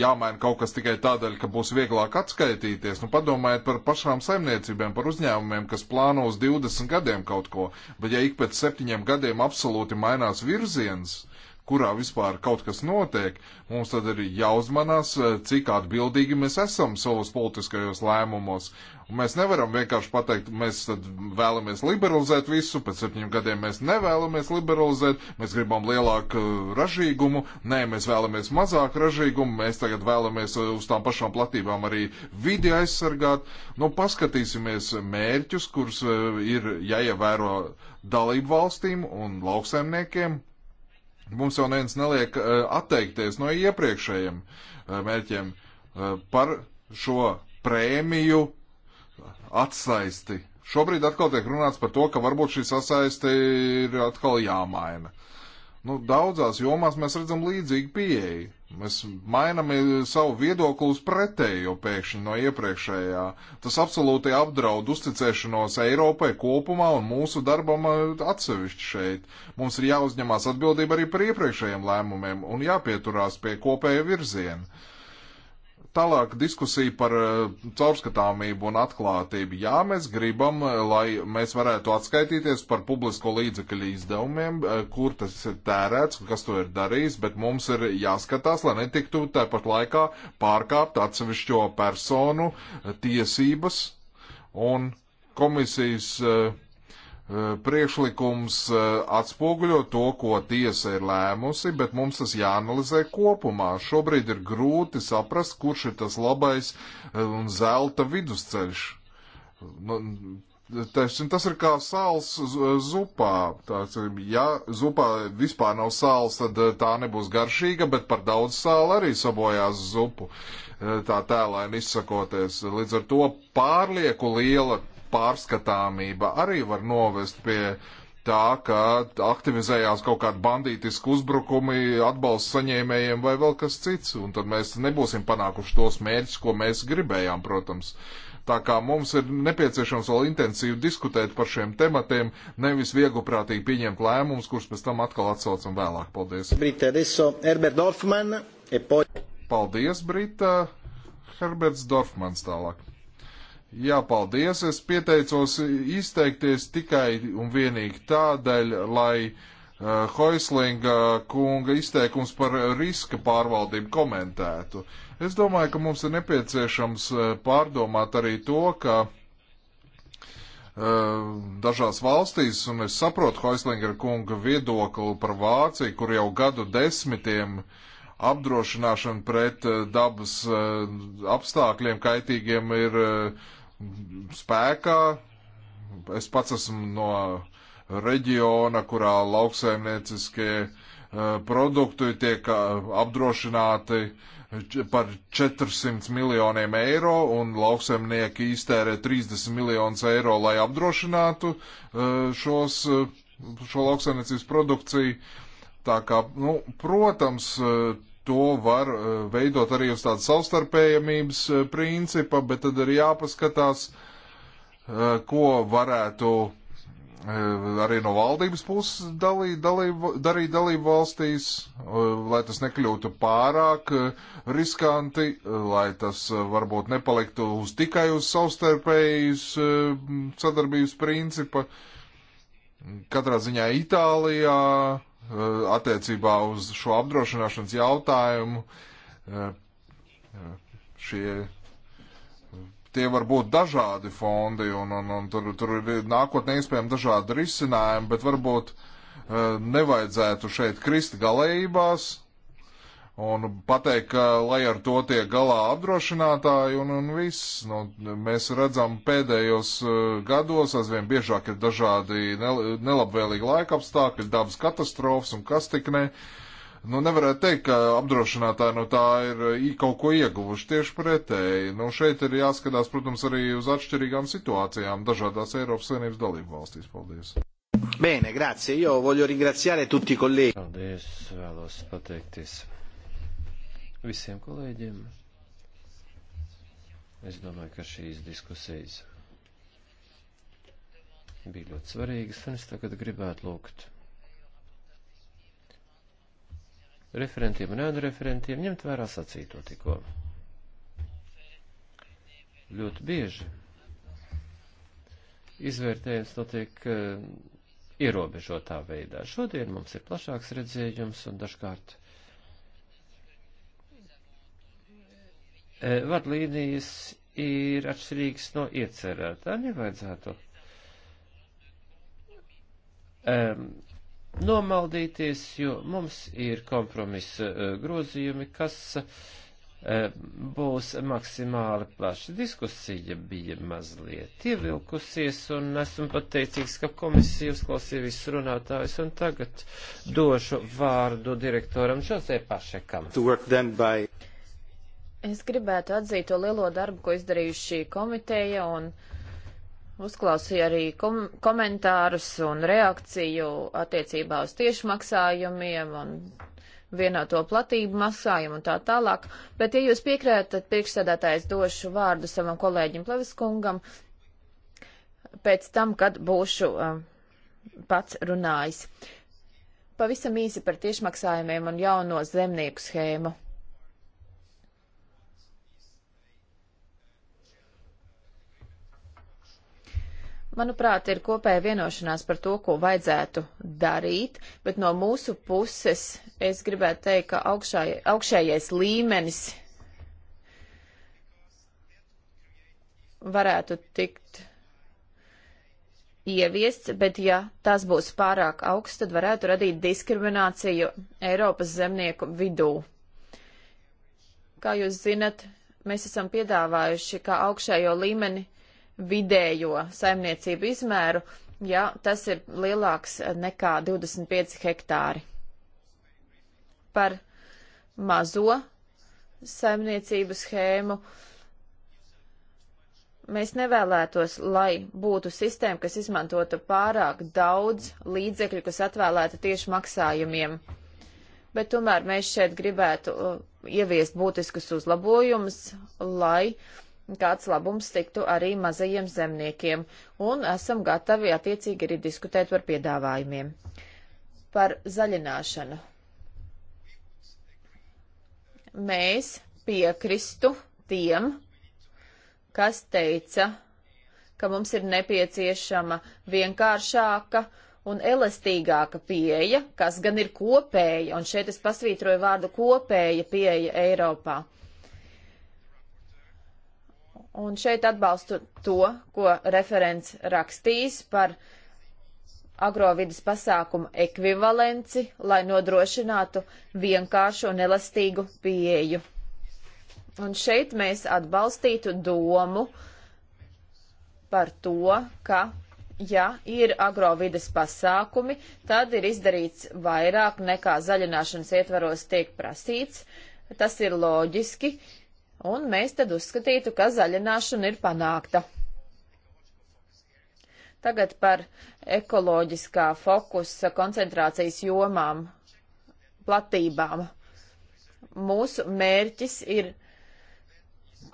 jāmaina kaut kas tikai tādēļ, ka būs vieglāk atskaitīties. Nu, padomājiet par pašām saimniecībām, par uzņēmumiem, kas plāno uz 20 gadiem kaut ko, bet ja ik pēc septiņiem gadiem absolūti mainās virziens, kurā vispār kaut kas notiek, mums tad ir jāuzmanās, eh, cik atbildīgi mēs esam savos politiskajos lēmumos. Un mēs nevaram vienkārši pateikt, mēs tad vēlamies liberalizēt visu, pēc septiņiem gadiem mēs nevēlamies liberalizēt, mēs gribam lielāku eh, ražīgumu, nē, mēs vēlamies mazāk ražīgumu, mēs tagad vēlamies eh, uz tām pašām platībām arī vidi aizsargāt. Nu, paskatīsimies mērķus, kurus ir jāievēro dalību valstīm un lauksaimniekiem Mums jau neviens neliek eh, atteikties no iepriekšējiem eh, mērķiem eh, par šo prēmiju atsaisti. Šobrīd atkal tiek runāts par to, ka varbūt šī sasaiste ir atkal jāmaina. Nu, daudzās jomās mēs redzam līdzīgu pieeju. Mēs mainām eh, savu viedokli uz pretējo pēkšņi no iepriekšējā. Tas absolūti apdraud uzticēšanos Eiropai kopumā un mūsu darbam eh, atsevišķi šeit. Mums ir jāuzņemās atbildība arī par iepriekšējiem lēmumiem un jāpieturās pie kopēja virziena. Tālāk diskusija par eh, caurskatāmību un atklātību. Jā, mēs gribam, eh, lai mēs varētu atskaitīties par publisko līdzekļu izdevumiem, eh, kur tas ir tērēts, kas to ir darījis, bet mums ir jāskatās, lai netiktu tāpat laikā pārkāpt atsevišķo personu tiesības un komisijas uh, Eh, priekšlikums eh, atspoguļo to, ko tiesa ir lēmusi, bet mums tas jāanalizē kopumā. Šobrīd ir grūti saprast, kurš ir tas labais eh, un zelta vidusceļš. Nu, Teisim, tas ir kā sāls zupā. Tāds, ja zupā vispār nav sāls, tad tā nebūs garšīga, bet par daudz sāla arī sabojās zupu. Tā tēlēni izsakoties. Līdz ar to pārlieku liela pārskatāmība arī var novest pie tā, ka aktivizējās kaut kādi bandītiski uzbrukumi atbalsts saņēmējiem vai vēl kas cits, un tad mēs nebūsim panākuši tos mērķus, ko mēs gribējām, protams. Tā kā mums ir nepieciešams vēl intensīvi diskutēt par šiem tematiem, nevis vieguprātīgi pieņemt lēmumus, kurus pēc tam atkal atsaucam vēlāk. Paldies. Brita, adesso Herbert Dorfman, e poi... Paldies, Brita. Herberts Dorfmans tālāk. Jā, paldies. Es pieteicos izteikties tikai un vienīgi tādēļ, lai uh, Hoislinga kunga izteikums par riska pārvaldību komentētu. Es domāju, ka mums ir nepieciešams eh, pārdomāt arī to, ka uh, dažās valstīs, un es saprotu Hoislinga kunga viedokli par Vāciju, kur jau gadu desmitiem uh, apdrošināšana pret dabas apstākļiem kaitīgiem ir spēkā. Es pats esmu no reģiona, kurā lauksaimnieciskie eh, produkti tiek eh, apdrošināti par 400 miljoniem eiro, un lauksaimnieki iztērē 30 miljonus eiro, lai apdrošinātu eh, šos, šo lauksaimniecības produkciju. Tā kā, nu, protams, to var eh, veidot arī uz tādu savstarpējamības eh, principa, bet tad ir jāpaskatās, eh, ko varētu arī no valdības puses dalī, dalī, darīt dalību valstīs, lai tas nekļūtu pārāk riskanti, lai tas varbūt nepaliktu uz tikai uz savstarpējas sadarbības principa. Katrā ziņā Itālijā Uh, attiecībā uz šo apdrošināšanas jautājumu. Uh, uh, šie, tie var būt dažādi fondi, un, un, un tur, tur ir nākotnē iespējami dažādi risinājumi, bet varbūt nevajadzētu šeit krist galējībās un pateikt, ka lai ar to tiek galā apdrošinātāji un, un viss. Nu, mēs redzam pēdējos uh, gados aizvien biežāk ir dažādi nelabvēlīgi laika apstākļi, dabas katastrofas un kas tik ne. Nu, nevarētu teikt, ka apdrošinātāji no tā ir uh, kaut ko ieguvuši tieši pretēji. Nu, šeit ir jāskatās, protams, arī uz atšķirīgām situācijām dažādās Eiropas Savienības dalību valstīs. Paldies! Bene, grazie. Io voglio ringraziare tutti i colleghi. Paldies, vēlos pateikties visiem kolēģiem. Es domāju, ka šīs diskusijas bija ļoti svarīgas, un es tagad gribētu lūgt referentiem un ēnreferentiem ņemt vērā sacīto tikko. Ļoti bieži izvērtējums notiek eh, ierobežotā veidā. Šodien mums ir plašāks redzējums un dažkārt E, vadlīnijas ir atšķirīgas no iecerētā. Nevajadzētu um, nomaldīties, jo mums ir kompromisa uh, grozījumi, kas uh, būs maksimāli plaša. Diskusija bija mazliet ievilkusies, un esmu pateicīgs, ka komisija uzklausīja visus runātājus, un tagad došu vārdu direktoram Žozē Pašekam. To work then by Es gribētu atzīt to lielo darbu, ko izdarījusi šī komiteja, un uzklausīju arī kom komentārus un reakciju attiecībā uz tiešmaksājumiem un vienoto platību maksājumu un tā tālāk. Bet, ja jūs piekrītat, tad priekšsēdētājs došu vārdu savam kolēģim Pleviskungam pēc tam, kad būšu um, pats runājis. Pavisam īsi par tiešmaksājumiem un jauno zemnieku schēmu. manuprāt, ir kopēja vienošanās par to, ko vajadzētu darīt, bet no mūsu puses es gribētu teikt, ka augšā, augšējais līmenis varētu tikt ieviests, bet ja tas būs pārāk augsts, tad varētu radīt diskrimināciju Eiropas zemnieku vidū. Kā jūs zinat, mēs esam piedāvājuši kā augšējo līmeni vidējo saimniecību izmēru, ja tas ir lielāks nekā 25 hektāri. Par mazo saimniecību schēmu mēs nevēlētos, lai būtu sistēma, kas izmantotu pārāk daudz līdzekļu, kas atvēlēta tieši maksājumiem. Bet tomēr mēs šeit gribētu uh, ieviest būtiskus uzlabojumus, lai uh, kāds labums tiktu arī mazajiem zemniekiem, un esam gatavi attiecīgi arī diskutēt par piedāvājumiem. Par zaļināšanu. Mēs piekristu tiem, kas teica, ka mums ir nepieciešama vienkāršāka un elastīgāka pieeja, kas gan ir kopēja, un šeit es pasvītroju vārdu kopēja pieeja Eiropā. Uh, Un šeit atbalstu to, ko referents rakstīs par agrovidas pasākumu ekvivalenci, lai nodrošinātu vienkāršu un elastīgu pieeju. Un šeit mēs atbalstītu domu par to, ka, ja ir agrovidas pasākumi, tad ir izdarīts vairāk nekā zaļināšanas ietvaros tiek prasīts. Tas ir loģiski, uh, un mēs tad uzskatītu, ka zaļināšana ir panākta. Tagad par ekoloģiskā fokusa koncentrācijas jomām, platībām. Mūsu mērķis ir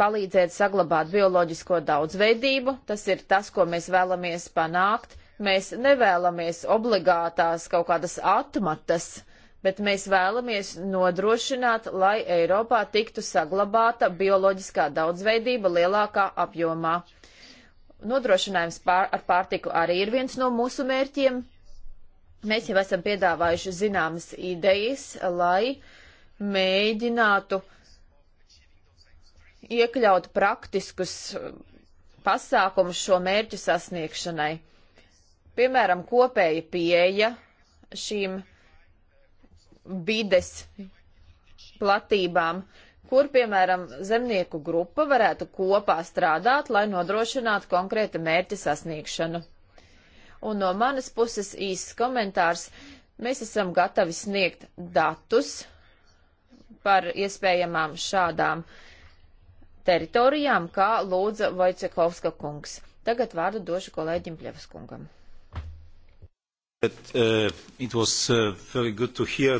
palīdzēt saglabāt bioloģisko daudzveidību. Tas ir tas, ko mēs vēlamies panākt. Mēs nevēlamies obligātās kaut kādas atmatas uh, bet mēs vēlamies nodrošināt, lai Eiropā tiktu saglabāta bioloģiskā daudzveidība lielākā apjomā. Nodrošinājums pār, ar pārtiku arī ir viens no mūsu mērķiem. Mēs jau esam piedāvājuši zināmas idejas, lai mēģinātu iekļaut praktiskus pasākumus šo mērķu sasniegšanai. Piemēram, kopēja pieeja šīm uh, vides platībām, kur, piemēram, zemnieku grupa varētu kopā strādāt, lai nodrošinātu konkrēta mērķa sasniegšanu. Un no manas puses īsts komentārs. Mēs esam gatavi sniegt datus par iespējamām šādām teritorijām, kā lūdza Vojcekovska kungs. Tagad vārdu došu kolēģim Pļevaskungam. That, uh, was, uh,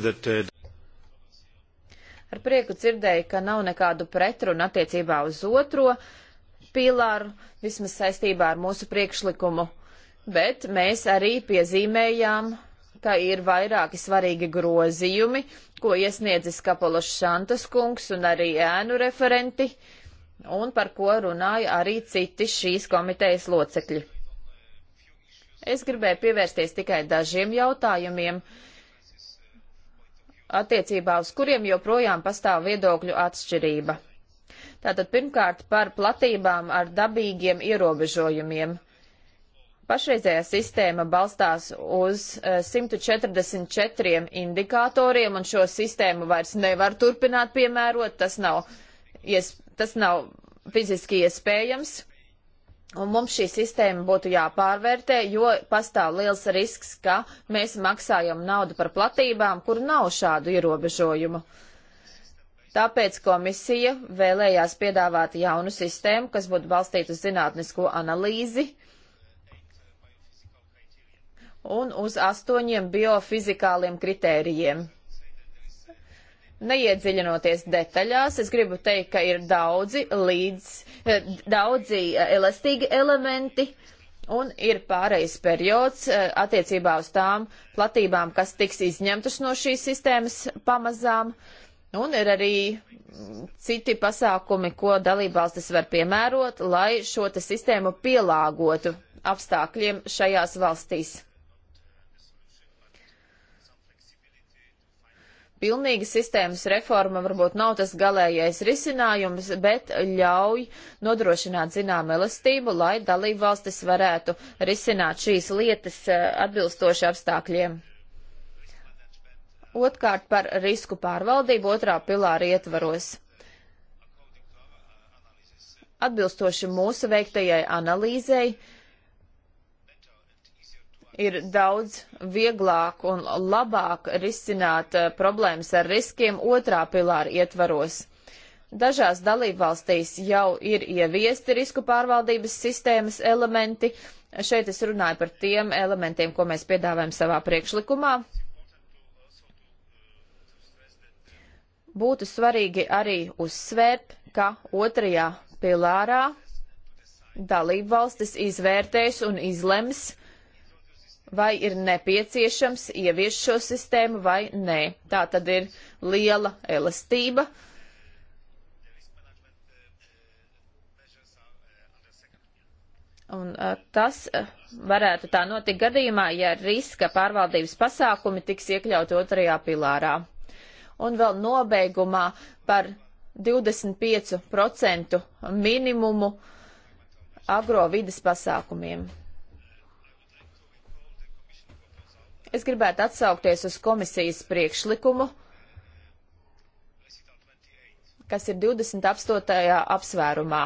that, uh... Ar prieku dzirdēju, ka nav nekādu pretrunu attiecībā uz otro pīlāru, vismaz saistībā ar mūsu priekšlikumu, bet mēs arī piezīmējām, ka ir vairāki svarīgi grozījumi, ko iesniedzis Kapološs Šantas kungs un arī ēnu referenti, un par ko runāja arī citi šīs komitejas locekļi. Es gribēju pievērsties tikai dažiem jautājumiem, attiecībā uz kuriem joprojām pastāv viedokļu atšķirība. Tātad pirmkārt par platībām ar dabīgiem ierobežojumiem. Pašreizējā sistēma balstās uz 144 e, indikatoriem, un šo sistēmu vairs nevar turpināt piemērot. Tas nav, tas nav fiziski iespējams. Un mums šī sistēma būtu jāpārvērtē, jo pastāv liels risks, ka mēs maksājam naudu par platībām, kur nav šādu ierobežojumu. Tāpēc komisija vēlējās piedāvāt jaunu sistēmu, kas būtu balstīta uz zinātnisko analīzi un uz astoņiem biofizikāliem kritērijiem. Neiedziļinoties detaļās, es gribu teikt, ka ir daudzi līdz, eh, daudzi eh, elastīgi elementi un ir pārejas periods eh, attiecībā uz tām platībām, kas tiks izņemtas no šīs sistēmas pamazām. Un ir arī mm, citi pasākumi, ko dalībvalstis var piemērot, lai šo sistēmu pielāgotu apstākļiem šajās valstīs. Pilnīga sistēmas reforma varbūt nav tas galējais risinājums, bet ļauj nodrošināt zinām elastību, lai dalību valstis varētu risināt šīs lietas eh, atbilstoši apstākļiem. Otkārt par risku pārvaldību otrā pilāra ietvaros. Atbilstoši mūsu veiktajai analīzei, ir daudz vieglāk un labāk risināt uh, problēmas ar riskiem otrā pilāra ietvaros. Dažās dalībvalstīs jau ir ieviesti risku pārvaldības sistēmas elementi. Šeit es runāju par tiem elementiem, ko mēs piedāvājam savā priekšlikumā. Būtu svarīgi arī uzsvērt, ka otrajā pilārā dalībvalstis izvērtēs un izlems, uh, vai ir nepieciešams ievies šo sistēmu vai nē. Tā tad ir liela elastība. Un eh, tas eh, varētu tā notikt gadījumā, ja riska pārvaldības pasākumi tiks iekļauti otrajā pilārā. Un vēl nobeigumā par 25% minimumu agrovides pasākumiem. Es gribētu atsaukties uz komisijas priekšlikumu, kas ir 28. apsvērumā.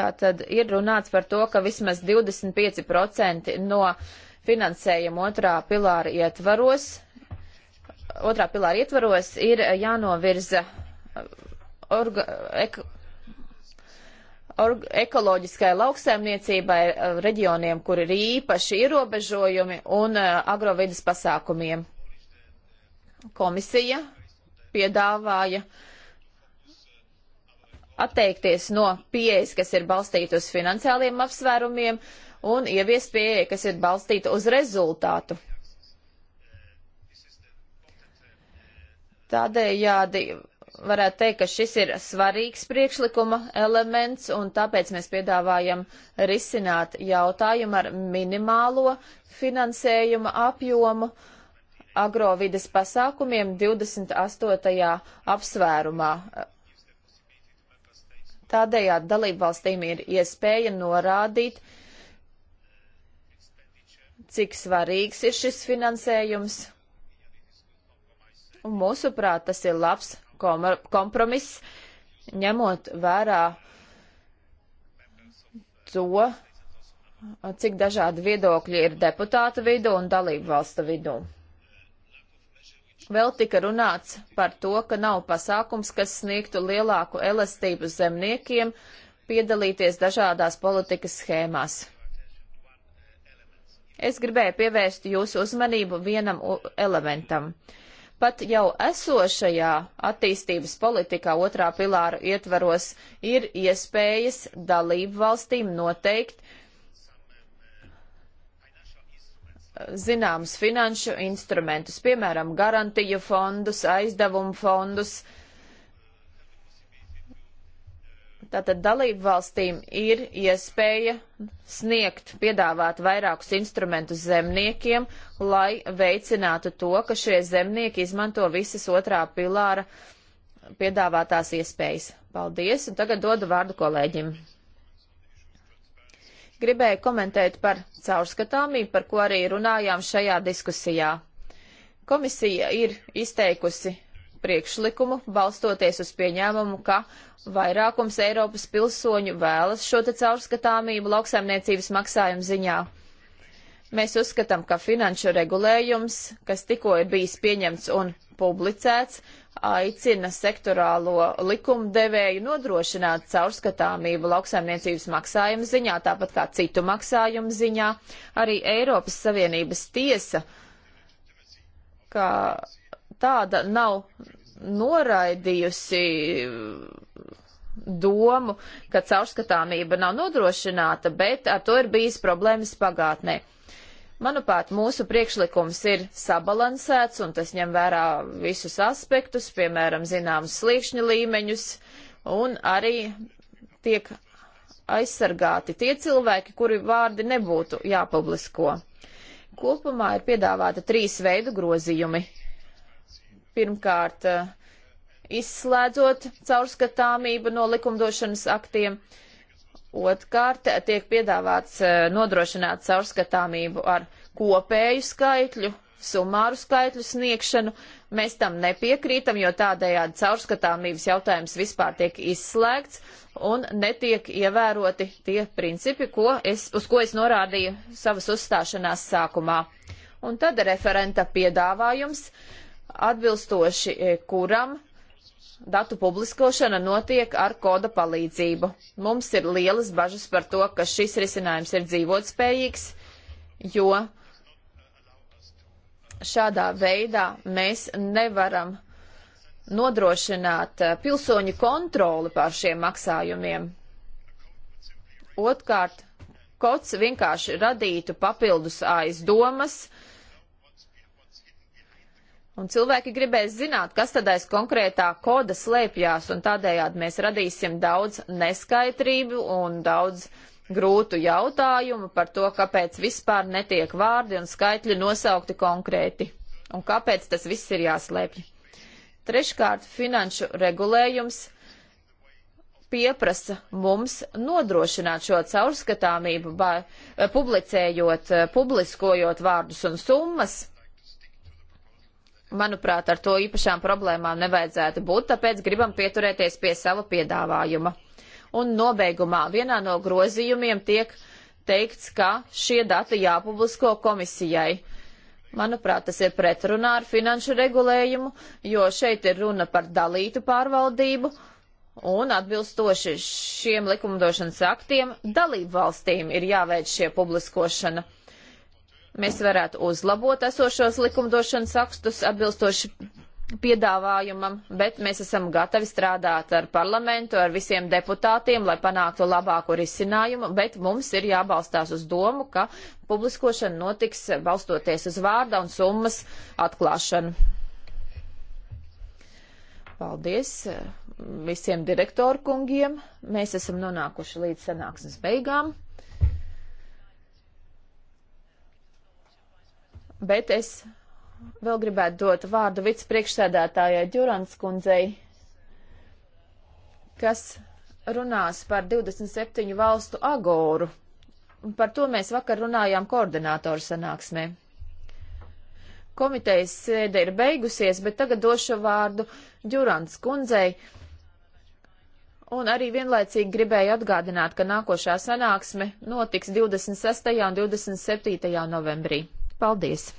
Tātad ir runāts par to, ka vismaz 25% no finansējuma otrā pilāra ietvaros, otrā pilāra ietvaros ir jānovirza orga, ek, ekoloģiskai lauksaimniecībai, eh, reģioniem, kur ir īpaši ierobežojumi un eh, agrovidas pasākumiem. Komisija piedāvāja atteikties no pieejas, kas ir balstīta uz finansiāliem apsvērumiem, un ieviest pieeja, kas ir balstīta uz rezultātu. Tādējādi varētu teikt, ka šis ir svarīgs priekšlikuma elements, un tāpēc mēs piedāvājam risināt jautājumu ar minimālo finansējuma apjomu agrovides pasākumiem 28. apsvērumā. Tādējādi dalībvalstīm ir iespēja norādīt, cik svarīgs ir šis finansējums. Un mūsuprāt, tas ir labs kompromiss, ņemot vērā to, cik dažādi viedokļi ir deputāta vidū un dalību valsta vidū. Vēl tika runāts par to, ka nav pasākums, kas sniegtu lielāku elastību zemniekiem piedalīties dažādās politikas schēmās. Es gribēju pievērst jūsu uzmanību vienam elementam. Uh, Pat jau esošajā attīstības politikā otrā pilāra ietvaros ir iespējas dalību valstīm noteikt zināmus finanšu instrumentus, piemēram, garantiju fondus, aizdevumu fondus, uh, Tātad dalību valstīm ir iespēja sniegt, piedāvāt vairākus instrumentus zemniekiem, lai veicinātu to, ka šie zemnieki izmanto visas otrā pilāra piedāvātās iespējas. Paldies, un tagad dodu vārdu kolēģim. Gribēju komentēt par caurskatāmību, par ko arī runājām šajā diskusijā. Komisija ir izteikusi priekšlikumu, balstoties uz pieņēmumu, ka vairākums Eiropas pilsoņu vēlas šo te caurskatāmību lauksaimniecības maksājumu ziņā. Mēs uzskatām, ka finanšu regulējums, kas tikko ir bijis pieņemts un publicēts, aicina sektorālo likumdevēju nodrošināt caurskatāmību lauksaimniecības maksājumu ziņā, tāpat kā citu maksājumu ziņā. Arī Eiropas Savienības tiesa, kā tāda nav noraidījusi domu, ka caurskatāmība nav nodrošināta, bet ar to ir bijis problēmas pagātnē. Manuprāt, mūsu priekšlikums ir sabalansēts un tas ņem vērā visus aspektus, piemēram, zināmus sliekšņu līmeņus un arī tiek aizsargāti tie cilvēki, kuri vārdi nebūtu jāpublisko. Kopumā ir piedāvāta trīs veidu grozījumi Pirmkārt, eh, izslēdzot caurskatāmību no likumdošanas aktiem. Otkārt, tiek piedāvāts eh, nodrošināt caurskatāmību ar kopēju skaitļu, summāru skaitļu sniegšanu. Mēs tam nepiekrītam, jo tādējādi caurskatāmības jautājums vispār tiek izslēgts un netiek ievēroti tie principi, ko es, uz ko es norādīju savas uzstāšanās sākumā. Un tad referenta piedāvājums uh, atbilstoši e, kuram datu publiskošana notiek ar koda palīdzību. Mums ir lielas bažas par to, ka šis risinājums ir dzīvotspējīgs, jo šādā veidā mēs nevaram nodrošināt e, pilsoņu kontroli pār šiem maksājumiem. Otkārt, kods vienkārši radītu papildus aizdomas, uh, Un cilvēki gribēs zināt, kas tad aiz konkrētā koda slēpjās, un tādējādi mēs radīsim daudz neskaidrību un daudz grūtu jautājumu par to, kāpēc vispār netiek vārdi un skaitļi nosaukti konkrēti, un kāpēc tas viss ir jāslēpj. Treškārt, finanšu regulējums pieprasa mums nodrošināt šo caurskatāmību, publicējot, publiskojot vārdus un summas, manuprāt, ar to īpašām problēmām nevajadzētu būt, tāpēc gribam pieturēties pie sava piedāvājuma. Un nobeigumā vienā no grozījumiem tiek teikts, ka šie dati jāpublisko komisijai. Manuprāt, tas ir pretrunā ar finanšu regulējumu, jo šeit ir runa par dalītu pārvaldību un atbilstoši šiem likumdošanas aktiem dalību valstīm ir jāveic šie publiskošana mēs varētu uzlabot esošos likumdošanas akstus atbilstoši piedāvājumam, bet mēs esam gatavi strādāt ar parlamentu, ar visiem deputātiem, lai panāktu labāku risinājumu, bet mums ir jābalstās uz domu, ka publiskošana notiks balstoties uz vārda un summas atklāšanu. Paldies eh, visiem direktoru kungiem. Mēs esam nonākuši līdz sanāksmes beigām. bet es vēl gribētu dot vārdu vicepriekšsēdētājai Ģurans kundzei, kas runās par 27 valstu agoru. Par to mēs vakar runājām koordinātoru sanāksmē. Komitejas sēde ir beigusies, bet tagad došu vārdu Ģurans kundzei. Un arī vienlaicīgi gribēju atgādināt, ka nākošā sanāksme notiks 26. un 27. novembrī. Paldies!